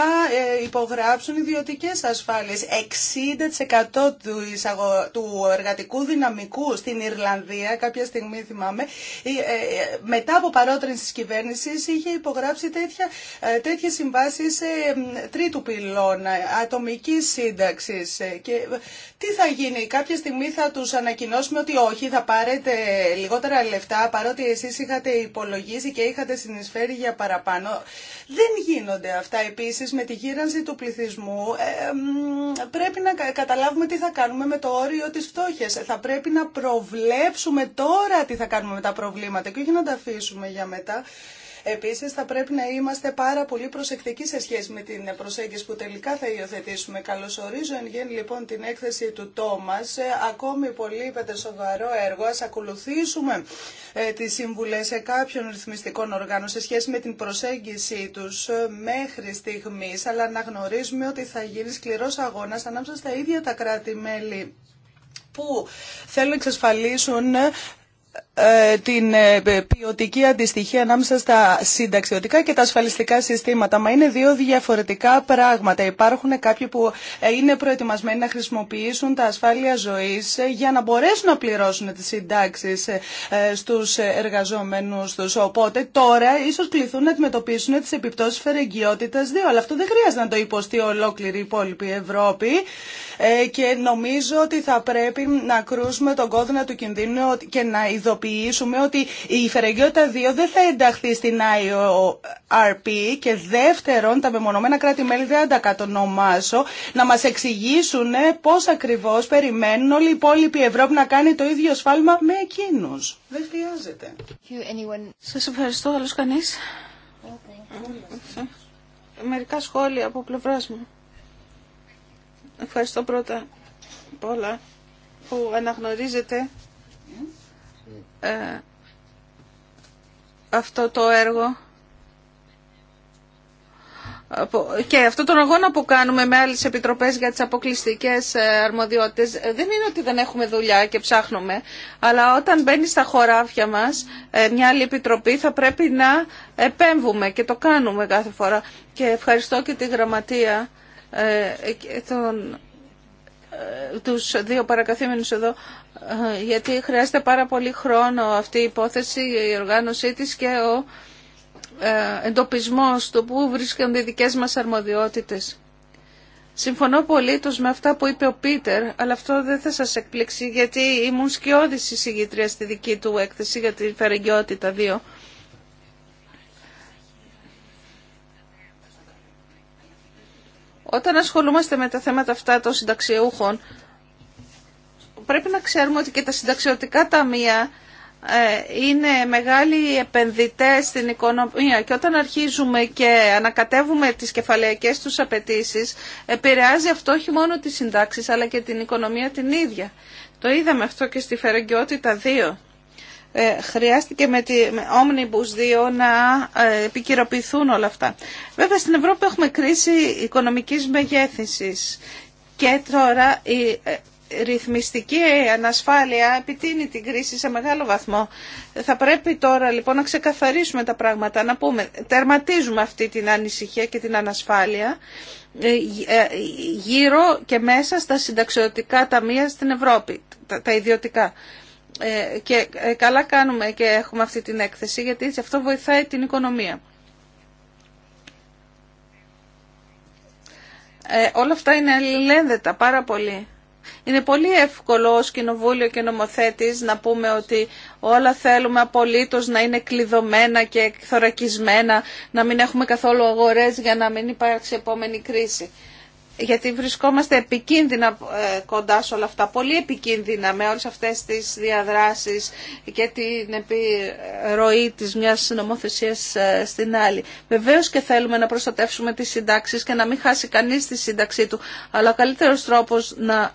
ε, υπογράψουν ιδιωτικές ασφάλειες. 60% του, του εργατικού δυναμικού στην Ιρλανδία, κάποια στιγμή θυμάμαι, ε, μετά από παρότρινση της κυβέρνησης είχε υπογράψει τέτοια, τέτοιες συμβάσεις τρίτου πυλώνα, ατομικής σύνταξης. Και τι θα γίνει, κάποια στιγμή θα τους ανακοινώσουμε ότι όχι, θα πάρετε λιγότερα λεφτά, παρότι εσείς είχατε υπολογίσει και είχατε συνεισφέρει για παραπάνω. Δεν γίνονται αυτά επίσης με τη γύρανση του πληθυσμού. Ε, πρέπει να καταλάβουμε τι θα κάνουμε με το όριο της φτώχειας. Θα πρέπει να προβλέψουμε τώρα τι θα κάνουμε με τα προβλήματα και όχι να τα αφήσουμε για μετά. Επίση, θα πρέπει να είμαστε πάρα πολύ προσεκτικοί σε σχέση με την προσέγγιση που τελικά θα υιοθετήσουμε. Καλωσορίζω εν γέννη λοιπόν την έκθεση του Τόμας. Ε, ακόμη πολύ σοβαρό έργο. Ας ακολουθήσουμε ε, τις συμβουλές κάποιων ρυθμιστικών οργάνων σε σχέση με την προσέγγιση τους ε, μέχρι στιγμής, αλλά να γνωρίζουμε ότι θα γίνει σκληρό αγώνα ανάμεσα στα ίδια τα κράτη-μέλη που θέλουν να εξασφαλίσουν ε, την ε, ποιοτική αντιστοιχία ανάμεσα στα συνταξιωτικά και τα ασφαλιστικά συστήματα. Μα είναι δύο διαφορετικά πράγματα. Υπάρχουν κάποιοι που ε, είναι προετοιμασμένοι να χρησιμοποιήσουν τα ασφάλεια ζωής για να μπορέσουν να πληρώσουν τις συντάξεις στου εργαζόμενου του. Οπότε τώρα ίσω κληθούν να αντιμετωπίσουν τι επιπτώσει φερεγγιότητα 2. Αλλά αυτό δεν χρειάζεται να το υποστεί ολόκληρη η υπόλοιπη Ευρώπη. Και νομίζω ότι θα πρέπει να κρούσουμε τον κόδωνα του κινδύνου και να ειδοποιήσουμε ότι η φερεγγιότητα 2 δεν θα ενταχθεί στην IORP και δεύτερον τα μεμονωμένα κράτη-μέλη δεν τα να μας εξηγήσουν πώς ακριβώς περιμένουν όλη η υπόλοιπη Ευρώπη να κάνει το ίδιο σφάλμα με εκείνους. Δεν χρειάζεται. Σα ευχαριστώ, άλλος κανείς. Μερικά σχόλια από πλευρά μου. Ευχαριστώ πρώτα απ' που αναγνωρίζετε ε, αυτό το έργο και αυτό τον αγώνα που κάνουμε με άλλες επιτροπές για τις αποκλειστικές ε, αρμοδιότητες ε, δεν είναι ότι δεν έχουμε δουλειά και ψάχνουμε αλλά όταν μπαίνει στα χωράφια μας μια άλλη επιτροπή θα πρέπει να επέμβουμε και το κάνουμε κάθε φορά και ευχαριστώ και τη γραμματεία τον τους δύο παρακαθήμενους εδώ, ε, γιατί χρειάζεται πάρα πολύ χρόνο αυτή η υπόθεση, η οργάνωσή της και ο ε, εντοπισμός του που βρίσκονται οι δικές μας αρμοδιότητες. Συμφωνώ πολύ με αυτά που είπε ο Πίτερ, αλλά αυτό δεν θα σας εκπληξεί, γιατί ήμουν σκιώδης εισηγήτρια στη δική του έκθεση για τη 2. Όταν ασχολούμαστε με τα θέματα αυτά των συνταξιούχων, πρέπει να ξέρουμε ότι και τα συνταξιωτικά ταμεία ε, είναι μεγάλοι επενδυτές στην οικονομία και όταν αρχίζουμε και ανακατεύουμε τις κεφαλαϊκές τους απαιτήσει, επηρεάζει αυτό όχι μόνο τις συντάξεις αλλά και την οικονομία την ίδια. Το είδαμε αυτό και στη Φερεγκιότητα 2 ε, χρειάστηκε με την με Omnibus 2 να ε, επικυρωποιηθούν όλα αυτά. Βέβαια στην Ευρώπη έχουμε κρίση οικονομικής μεγέθυνσης και τώρα η ε, ρυθμιστική ανασφάλεια επιτείνει την κρίση σε μεγάλο βαθμό. Θα πρέπει τώρα λοιπόν να ξεκαθαρίσουμε τα πράγματα, να πούμε τερματίζουμε αυτή την ανησυχία και την ανασφάλεια γύρω και μέσα στα συνταξιωτικά ταμεία στην Ευρώπη, τα ιδιωτικά. Ε, και ε, καλά κάνουμε και έχουμε αυτή την έκθεση γιατί αυτό βοηθάει την οικονομία. Ε, όλα αυτά είναι αλληλένδετα πάρα πολύ. Είναι πολύ εύκολο ως κοινοβούλιο και νομοθέτης να πούμε ότι όλα θέλουμε απολύτως να είναι κλειδωμένα και θωρακισμένα, να μην έχουμε καθόλου αγορές για να μην υπάρξει επόμενη κρίση γιατί βρισκόμαστε επικίνδυνα ε, κοντά σε όλα αυτά, πολύ επικίνδυνα με όλες αυτές τις διαδράσεις και την επιρροή της μιας νομοθεσίας ε, στην άλλη. Βεβαίως και θέλουμε να προστατεύσουμε τις συντάξεις και να μην χάσει κανείς τη σύνταξή του, αλλά ο καλύτερος τρόπος να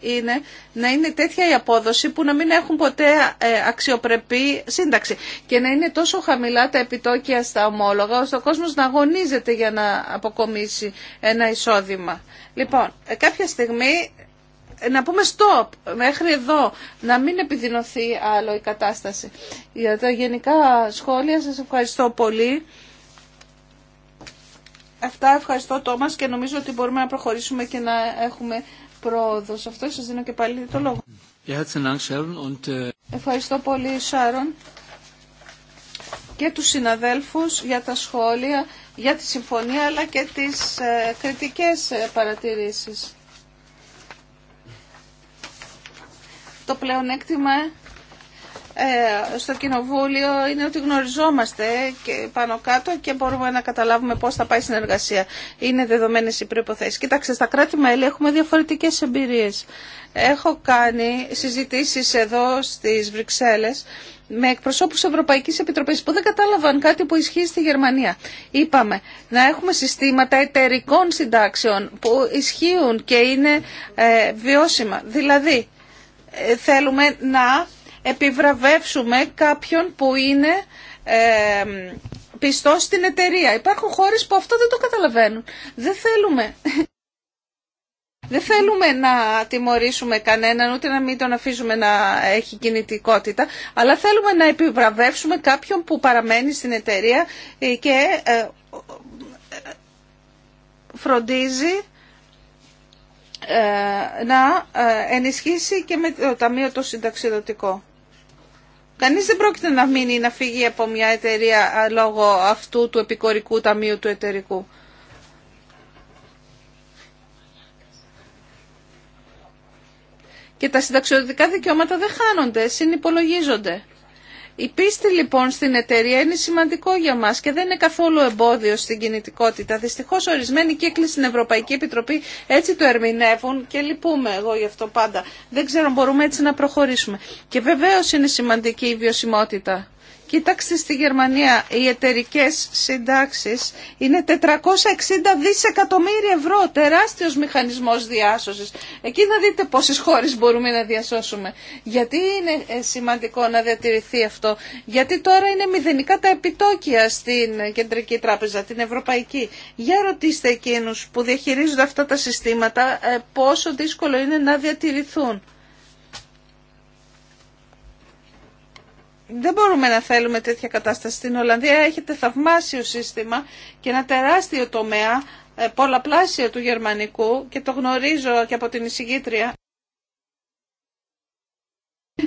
είναι να είναι τέτοια η απόδοση που να μην έχουν ποτέ ε, αξιοπρεπή σύνταξη και να είναι τόσο χαμηλά τα επιτόκια στα ομόλογα ώστε ο κόσμος να αγωνίζεται για να αποκομίσει ένα εισόδημα. Λοιπόν, ε, κάποια στιγμή ε, να πούμε stop μέχρι εδώ, να μην επιδεινωθεί άλλο η κατάσταση. Για τα γενικά σχόλια σας ευχαριστώ πολύ. Αυτά ευχαριστώ Τόμας και νομίζω ότι μπορούμε να προχωρήσουμε και να έχουμε αυτό σας δίνω και πάλι το λόγο. Äh, Ευχαριστώ πολύ Σάρον και τους συναδέλφους για τα σχόλια, για τη συμφωνία αλλά και τις ε, κριτικές ε, παρατηρήσεις. Το πλεονέκτημα ε, στο Κοινοβούλιο είναι ότι γνωριζόμαστε και πάνω κάτω και μπορούμε να καταλάβουμε πώς θα πάει η συνεργασία. Είναι δεδομένες οι προϋποθέσεις. Κοιτάξτε, στα κράτη-μέλη έχουμε διαφορετικές εμπειρίες. Έχω κάνει συζητήσεις εδώ στις Βρυξέλλες με εκπροσώπους Ευρωπαϊκής Επιτροπής που δεν κατάλαβαν κάτι που ισχύει στη Γερμανία. Είπαμε να έχουμε συστήματα εταιρικών συντάξεων που ισχύουν και είναι ε, βιώσιμα. Δηλαδή, ε, θέλουμε να επιβραβεύσουμε κάποιον που είναι ε, πιστός στην εταιρεία. Υπάρχουν χώρες που αυτό δεν το καταλαβαίνουν. Δεν θέλουμε... Δεν θέλουμε να τιμωρήσουμε κανέναν, ούτε να μην τον αφήσουμε να έχει κινητικότητα, αλλά θέλουμε να επιβραβεύσουμε κάποιον που παραμένει στην εταιρεία ε, και ε, φροντίζει ε, να ενισχύσει και με το Ταμείο το Συνταξιδοτικό. Κανείς δεν πρόκειται να μείνει ή να φύγει από μια εταιρεία λόγω αυτού του επικορικού ταμείου του εταιρικού. Και τα συνταξιωτικά δικαιώματα δεν χάνονται, συνυπολογίζονται. Η πίστη λοιπόν στην εταιρεία είναι σημαντικό για μας και δεν είναι καθόλου εμπόδιο στην κινητικότητα. Δυστυχώς ορισμένοι κύκλοι στην Ευρωπαϊκή Επιτροπή έτσι το ερμηνεύουν και λυπούμε εγώ γι' αυτό πάντα. Δεν ξέρω μπορούμε έτσι να προχωρήσουμε. Και βεβαίω είναι σημαντική η βιωσιμότητα. Κοίταξτε στη Γερμανία, οι εταιρικέ συντάξεις είναι 460 δισεκατομμύρια ευρώ, τεράστιος μηχανισμός διάσωση. Εκεί να δείτε πόσε χώρες μπορούμε να διασώσουμε. Γιατί είναι ε, σημαντικό να διατηρηθεί αυτό. Γιατί τώρα είναι μηδενικά τα επιτόκια στην Κεντρική Τράπεζα, την Ευρωπαϊκή. Για ρωτήστε εκείνους που διαχειρίζονται αυτά τα συστήματα ε, πόσο δύσκολο είναι να διατηρηθούν. δεν μπορούμε να θέλουμε τέτοια κατάσταση. Στην Ολλανδία έχετε θαυμάσιο σύστημα και ένα τεράστιο τομέα, ε, πολλαπλάσιο του γερμανικού και το γνωρίζω και από την εισηγήτρια.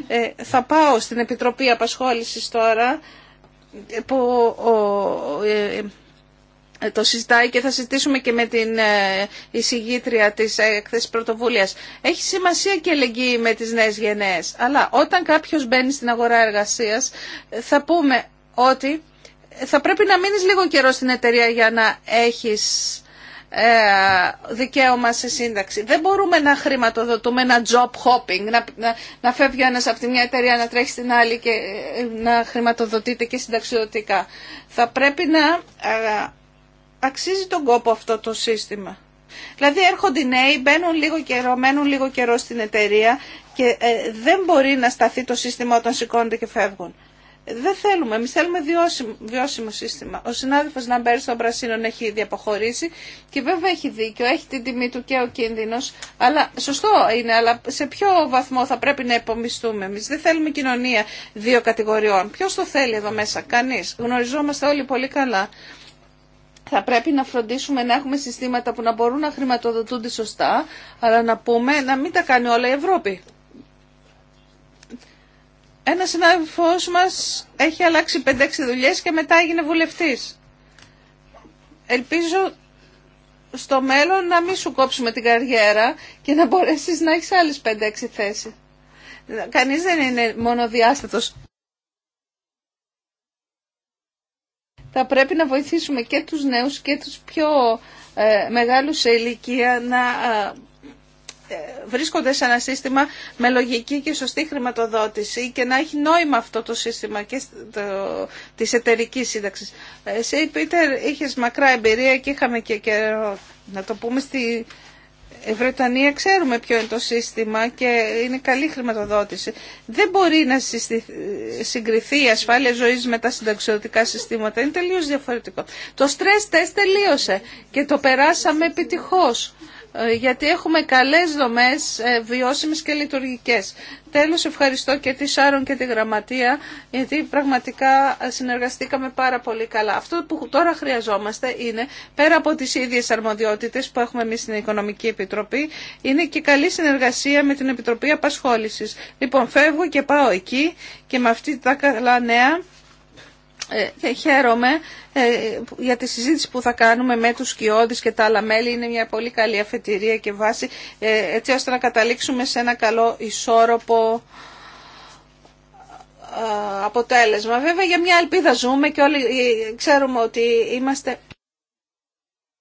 Ε, θα πάω στην Επιτροπή Απασχόλησης τώρα που ε, ε, το συζητάει και θα συζητήσουμε και με την ε, εισηγήτρια της έκθεσης ε, πρωτοβουλίας. Έχει σημασία και ελεγγύη με τις νέες γενναίες. Αλλά όταν κάποιος μπαίνει στην αγορά εργασίας θα πούμε ότι θα πρέπει να μείνεις λίγο καιρό στην εταιρεία για να έχεις δικαίωμα σε σύνταξη. Δεν μπορούμε να χρηματοδοτούμε ένα job hopping, να, να, φεύγει από τη μια εταιρεία να τρέχει στην άλλη και να χρηματοδοτείται και συνταξιδοτικά. Θα πρέπει να αξίζει τον κόπο αυτό το σύστημα. Δηλαδή έρχονται οι νέοι, μπαίνουν λίγο καιρό, μένουν λίγο καιρό στην εταιρεία και ε, δεν μπορεί να σταθεί το σύστημα όταν σηκώνονται και φεύγουν. Δεν θέλουμε, εμεί θέλουμε βιώσιμο, βιώσιμο σύστημα. Ο συνάδελφο Ναμπέρ των Πρασίνων έχει ήδη αποχωρήσει και βέβαια έχει δίκιο, έχει την τιμή του και ο κίνδυνο. Αλλά σωστό είναι, αλλά σε ποιο βαθμό θα πρέπει να υπομισθούμε εμεί. Δεν θέλουμε κοινωνία δύο κατηγοριών. Ποιο το θέλει εδώ μέσα, κανεί. Γνωριζόμαστε όλοι πολύ καλά θα πρέπει να φροντίσουμε να έχουμε συστήματα που να μπορούν να χρηματοδοτούνται σωστά, αλλά να πούμε να μην τα κάνει όλα η Ευρώπη. Ένα συνάδελφό μα έχει αλλάξει 5-6 δουλειέ και μετά έγινε βουλευτή. Ελπίζω στο μέλλον να μην σου κόψουμε την καριέρα και να μπορέσει να έχει άλλε 5-6 θέσει. Κανεί δεν είναι μονοδιάστατος. θα πρέπει να βοηθήσουμε και τους νέους και τους πιο ε, μεγάλους σε ηλικία να ε, ε, βρίσκονται σε ένα σύστημα με λογική και σωστή χρηματοδότηση και να έχει νόημα αυτό το σύστημα και το, της εταιρικής σύνταξης. Εσύ, Πίτερ, είχες μακρά εμπειρία και είχαμε και καιρό να το πούμε στη η Βρετανία ξέρουμε ποιο είναι το σύστημα και είναι καλή χρηματοδότηση. Δεν μπορεί να συγκριθεί η ασφάλεια ζωής με τα συνταξιδοτικά συστήματα. Είναι τελείως διαφορετικό. Το stress test τελείωσε και το περάσαμε επιτυχώς. Ε, γιατί έχουμε καλές δομές ε, βιώσιμες και λειτουργικές. Τέλος, ευχαριστώ και τη Σάρων και τη Γραμματεία, γιατί πραγματικά ε, συνεργαστήκαμε πάρα πολύ καλά. Αυτό που τώρα χρειαζόμαστε είναι, πέρα από τις ίδιες αρμοδιότητες που έχουμε εμείς στην Οικονομική Επιτροπή, είναι και καλή συνεργασία με την Επιτροπή Απασχόλησης. Λοιπόν, φεύγω και πάω εκεί και με αυτή τα καλά νέα ε, και χαίρομαι ε, για τη συζήτηση που θα κάνουμε με τους Κιώδης και τα άλλα μέλη. Είναι μια πολύ καλή αφετηρία και βάση ε, έτσι ώστε να καταλήξουμε σε ένα καλό ισόρροπο αποτέλεσμα. Βέβαια για μια ελπίδα ζούμε και όλοι ξέρουμε ότι είμαστε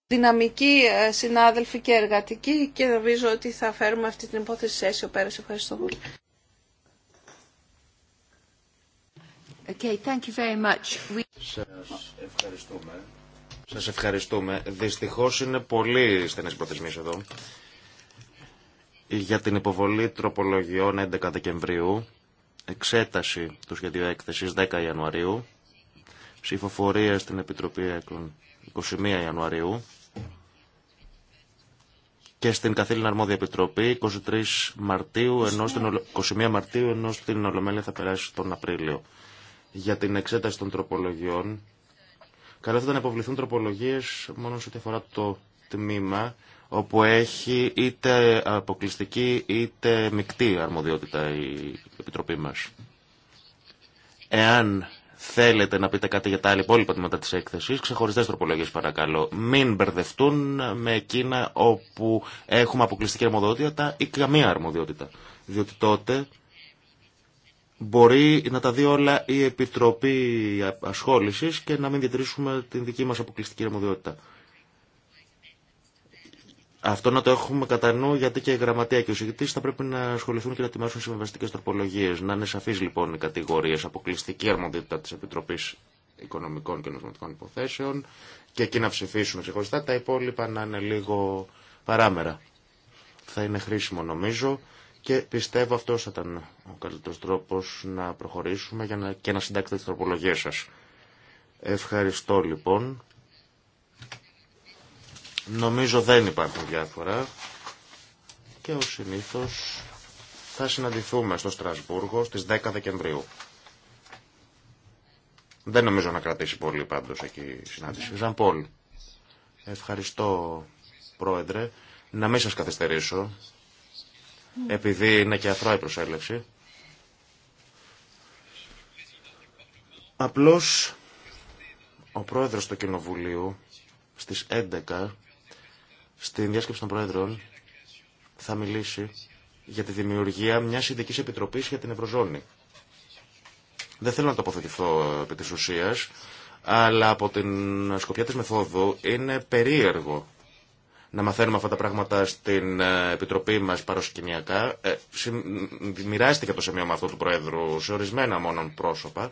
δυναμικοί συνάδελφοι και εργατικοί και νομίζω ότι θα φέρουμε αυτή την υπόθεση σε αίσιο πέρα. Ευχαριστώ πολύ. Okay, Σας ευχαριστούμε. Σας ευχαριστούμε. Δυστυχώς είναι πολύ στενές προθεσμίες εδώ. Για την υποβολή τροπολογιών 11 Δεκεμβρίου, εξέταση του σχεδίου έκθεσης 10 Ιανουαρίου, ψηφοφορία στην Επιτροπή 21 Ιανουαρίου και στην Καθήλυνα Αρμόδια Επιτροπή 23 Μαρτίου, ενώ στην 21 Μαρτίου, ενώ στην Ολομέλεια θα περάσει τον Απρίλιο για την εξέταση των τροπολογιών. Καλό θα ήταν να υποβληθούν τροπολογίες μόνο σε ό,τι αφορά το τμήμα όπου έχει είτε αποκλειστική είτε μεικτή αρμοδιότητα η Επιτροπή μας. Εάν θέλετε να πείτε κάτι για τα άλλα υπόλοιπα τμήματα της έκθεσης, ξεχωριστές τροπολογίες παρακαλώ. Μην μπερδευτούν με εκείνα όπου έχουμε αποκλειστική αρμοδιότητα ή καμία αρμοδιότητα. Διότι τότε Μπορεί να τα δει όλα η Επιτροπή Ασχόλησης και να μην διατηρήσουμε την δική μας αποκλειστική αρμοδιότητα. Αυτό να το έχουμε κατά νου γιατί και η γραμματεία και ο Συγκριτής θα πρέπει να ασχοληθούν και να ετοιμάσουν συμβαστικέ τροπολογίες. Να είναι σαφεί λοιπόν οι κατηγορίες αποκλειστική αρμοδιότητα τη Επιτροπή Οικονομικών και Νοσματικών Υποθέσεων και εκεί να ψηφίσουν ξεχωριστά. Τα υπόλοιπα να είναι λίγο παράμερα. Θα είναι χρήσιμο νομίζω και πιστεύω αυτό θα ήταν ο καλύτερο τρόπο να προχωρήσουμε και να συντάξετε τι τροπολογίε σα. Ευχαριστώ λοιπόν. Νομίζω δεν υπάρχουν διάφορα και ο συνήθω θα συναντηθούμε στο Στρασβούργο στι 10 Δεκεμβρίου. Δεν νομίζω να κρατήσει πολύ πάντως εκεί η συνάντηση. Ναι. Ζαν Πολ, ευχαριστώ πρόεδρε. Να μην σα καθυστερήσω επειδή είναι και αθρώα η προσέλευση. Απλώς ο πρόεδρος του Κοινοβουλίου στις 11 στην διάσκεψη των πρόεδρων θα μιλήσει για τη δημιουργία μιας ειδική επιτροπής για την Ευρωζώνη. Δεν θέλω να τοποθετηθώ επί της ουσίας, αλλά από την σκοπιά της μεθόδου είναι περίεργο να μαθαίνουμε αυτά τα πράγματα στην ε, Επιτροπή μας παροσκηνιακά. Ε, μοιράστηκε το σημείο με αυτό του Προέδρου σε ορισμένα μόνο πρόσωπα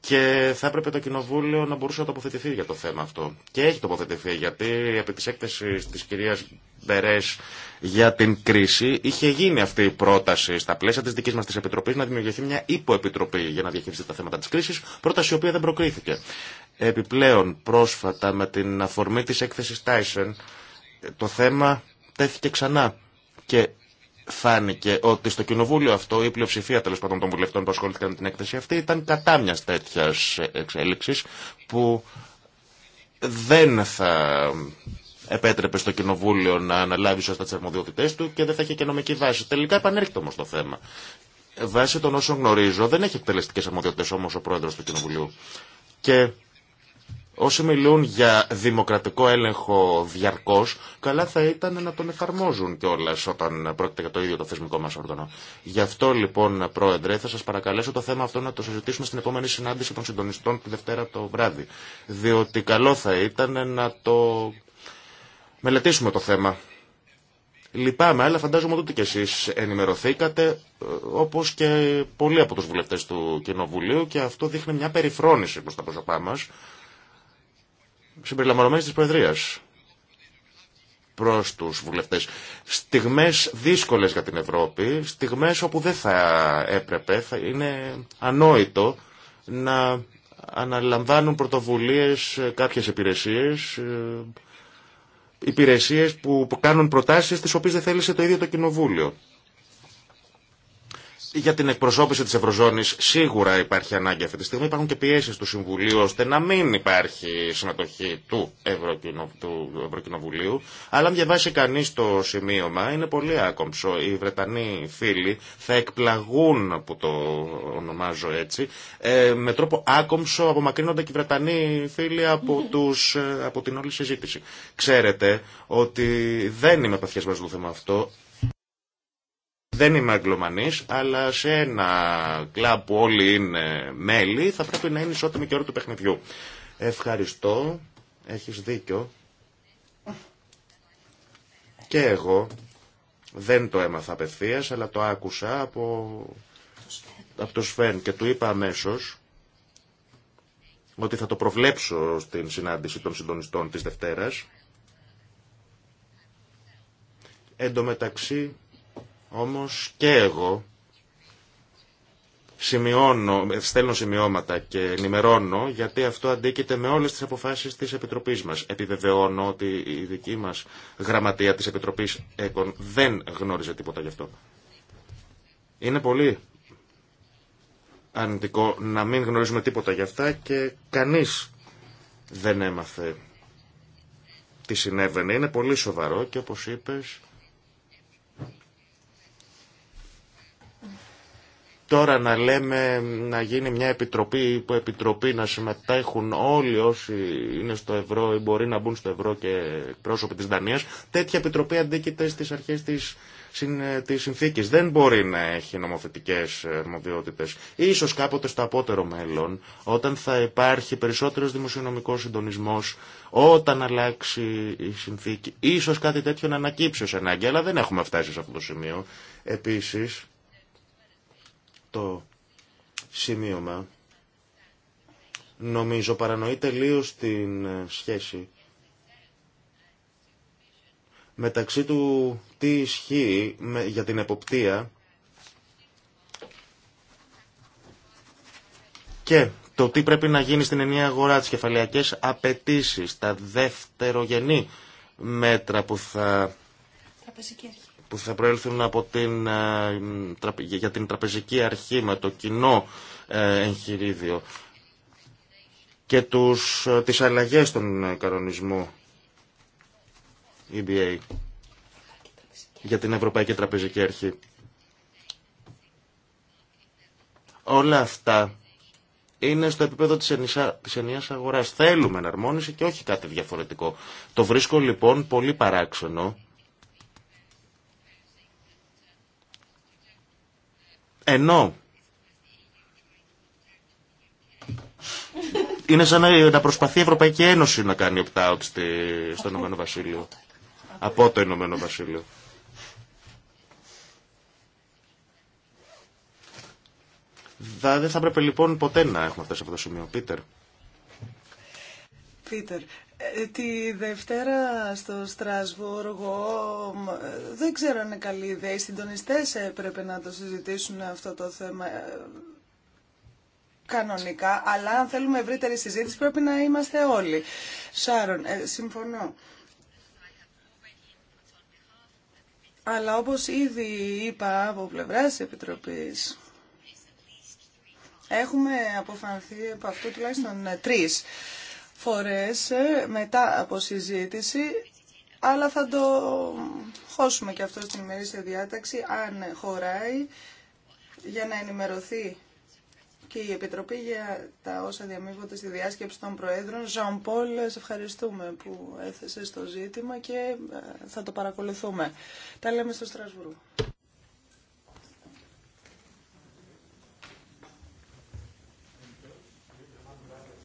και θα έπρεπε το Κοινοβούλιο να μπορούσε να τοποθετηθεί για το θέμα αυτό. Και έχει τοποθετηθεί γιατί επί της έκθεση της κυρίας Μπερές για την κρίση είχε γίνει αυτή η πρόταση στα πλαίσια της δικής μας της Επιτροπής να δημιουργηθεί μια υποεπιτροπή για να διαχειριστεί τα θέματα της κρίσης, πρόταση η οποία δεν προκρίθηκε. Επιπλέον πρόσφατα με την αφορμή της έκθεσης Tyson το θέμα τέθηκε ξανά και φάνηκε ότι στο κοινοβούλιο αυτό η πλειοψηφία τέλο πάντων των βουλευτών που ασχολήθηκαν με την έκθεση αυτή ήταν κατά μια τέτοια εξέλιξη που δεν θα επέτρεπε στο κοινοβούλιο να αναλάβει σωστά τι αρμοδιότητέ του και δεν θα είχε και νομική βάση. Τελικά επανέρχεται όμω το θέμα. Βάσει των όσων γνωρίζω, δεν έχει εκτελεστικέ αρμοδιότητε όμω ο πρόεδρο του κοινοβουλίου. Και Όσοι μιλούν για δημοκρατικό έλεγχο διαρκώ, καλά θα ήταν να τον εφαρμόζουν κιόλα όταν πρόκειται για το ίδιο το θεσμικό μα όργανο. Γι' αυτό λοιπόν, Πρόεδρε, θα σα παρακαλέσω το θέμα αυτό να το συζητήσουμε στην επόμενη συνάντηση των συντονιστών τη Δευτέρα το βράδυ. Διότι καλό θα ήταν να το μελετήσουμε το θέμα. Λυπάμαι, αλλά φαντάζομαι ότι και εσείς ενημερωθήκατε, ε, όπως και πολλοί από τους βουλευτές του Κοινοβουλίου και αυτό δείχνει μια περιφρόνηση προς τα πρόσωπά μα συμπεριλαμβανομένης της Προεδρίας προς τους βουλευτές. Στιγμές δύσκολες για την Ευρώπη, στιγμές όπου δεν θα έπρεπε, θα είναι ανόητο να αναλαμβάνουν πρωτοβουλίες κάποιες υπηρεσίες, ε, υπηρεσίες που κάνουν προτάσεις τις οποίες δεν θέλησε το ίδιο το Κοινοβούλιο. Για την εκπροσώπηση τη Ευρωζώνης σίγουρα υπάρχει ανάγκη αυτή τη στιγμή. Υπάρχουν και πιέσει του Συμβουλίου ώστε να μην υπάρχει συμμετοχή του, Ευρωκοινο... του Ευρωκοινοβουλίου. Αλλά αν διαβάσει κανεί το σημείωμα είναι πολύ άκομψο. Οι Βρετανοί φίλοι θα εκπλαγούν που το ονομάζω έτσι. Ε, με τρόπο άκομψο απομακρύνονται και οι Βρετανοί φίλοι από, τους, ε, από την όλη συζήτηση. Ξέρετε ότι δεν είμαι παθιασμένο στο θέμα αυτό δεν είμαι αγγλωμανή, αλλά σε ένα κλαμπ που όλοι είναι μέλη θα πρέπει να είναι ισότιμη και ώρα του παιχνιδιού. Ευχαριστώ, έχεις δίκιο. Και εγώ δεν το έμαθα απευθεία, αλλά το άκουσα από, από το Σφέν και του είπα αμέσω ότι θα το προβλέψω στην συνάντηση των συντονιστών της Δευτέρας. Εν όμως και εγώ σημειώνω, στέλνω σημειώματα και ενημερώνω γιατί αυτό αντίκειται με όλες τις αποφάσεις της Επιτροπής μας. Επιβεβαιώνω ότι η δική μας γραμματεία της Επιτροπής ΕΚΟΝ δεν γνώριζε τίποτα γι' αυτό. Είναι πολύ ανητικό να μην γνωρίζουμε τίποτα γι' αυτά και κανείς δεν έμαθε τι συνέβαινε. Είναι πολύ σοβαρό και όπως είπες Τώρα να λέμε να γίνει μια επιτροπή που επιτροπή να συμμετέχουν όλοι όσοι είναι στο ευρώ ή μπορεί να μπουν στο ευρώ και πρόσωποι της Δανίας, τέτοια επιτροπή αντίκειται στις αρχές της της συνθήκης. Δεν μπορεί να έχει νομοθετικές ε, αρμοδιότητες. Ίσως κάποτε στο απότερο μέλλον, όταν θα υπάρχει περισσότερος δημοσιονομικός συντονισμός, όταν αλλάξει η συνθήκη, ίσως κάτι τέτοιο να ανακύψει ως ανάγκη, αλλά δεν έχουμε φτάσει σε αυτό το σημείο. Επίσης, το σημείωμα νομίζω παρανοεί τελείω την ε, σχέση μεταξύ του τι ισχύει για την εποπτεία και το τι πρέπει να γίνει στην ενιαία αγορά, τις κεφαλαιακές απαιτήσει, τα δευτερογενή μέτρα που θα που θα προέλθουν από την, ε, για την τραπεζική αρχή με το κοινό ε, εγχειρίδιο και τους, ε, τις αλλαγές στον κανονισμό EBA για την Ευρωπαϊκή Τραπεζική Αρχή. Όλα αυτά είναι στο επίπεδο της, ενισα... της ενιαίας αγοράς. Θέλουμε εναρμόνιση και όχι κάτι διαφορετικό. Το βρίσκω λοιπόν πολύ παράξενο Ενώ είναι σαν να προσπαθεί η Ευρωπαϊκή Ένωση να κάνει opt-out στο Ηνωμένο Βασίλειο. Από το Ηνωμένο Βασίλειο. Δεν θα έπρεπε λοιπόν ποτέ να έχουμε αυτές σε αυτό το σημείο. Πίτερ, ε, τη Δευτέρα στο Στρασβούργο ε, δεν ξέρω αν είναι καλή ιδέα. Οι συντονιστές έπρεπε να το συζητήσουν αυτό το θέμα ε, κανονικά, αλλά αν θέλουμε ευρύτερη συζήτηση πρέπει να είμαστε όλοι. Σάρον, συμφωνώ. Αλλά όπως ήδη είπα από πλευράς Επιτροπής, έχουμε αποφανθεί από αυτού τουλάχιστον τρεις φορές ε, μετά από συζήτηση, αλλά θα το χώσουμε και αυτό στην ημερήσια διάταξη, αν χωράει, για να ενημερωθεί και η Επιτροπή για τα όσα διαμείβονται στη διάσκεψη των Προέδρων. Ζαν Πολ, σε ευχαριστούμε που έθεσε το ζήτημα και ε, θα το παρακολουθούμε. Τα λέμε στο Στρασβούργο.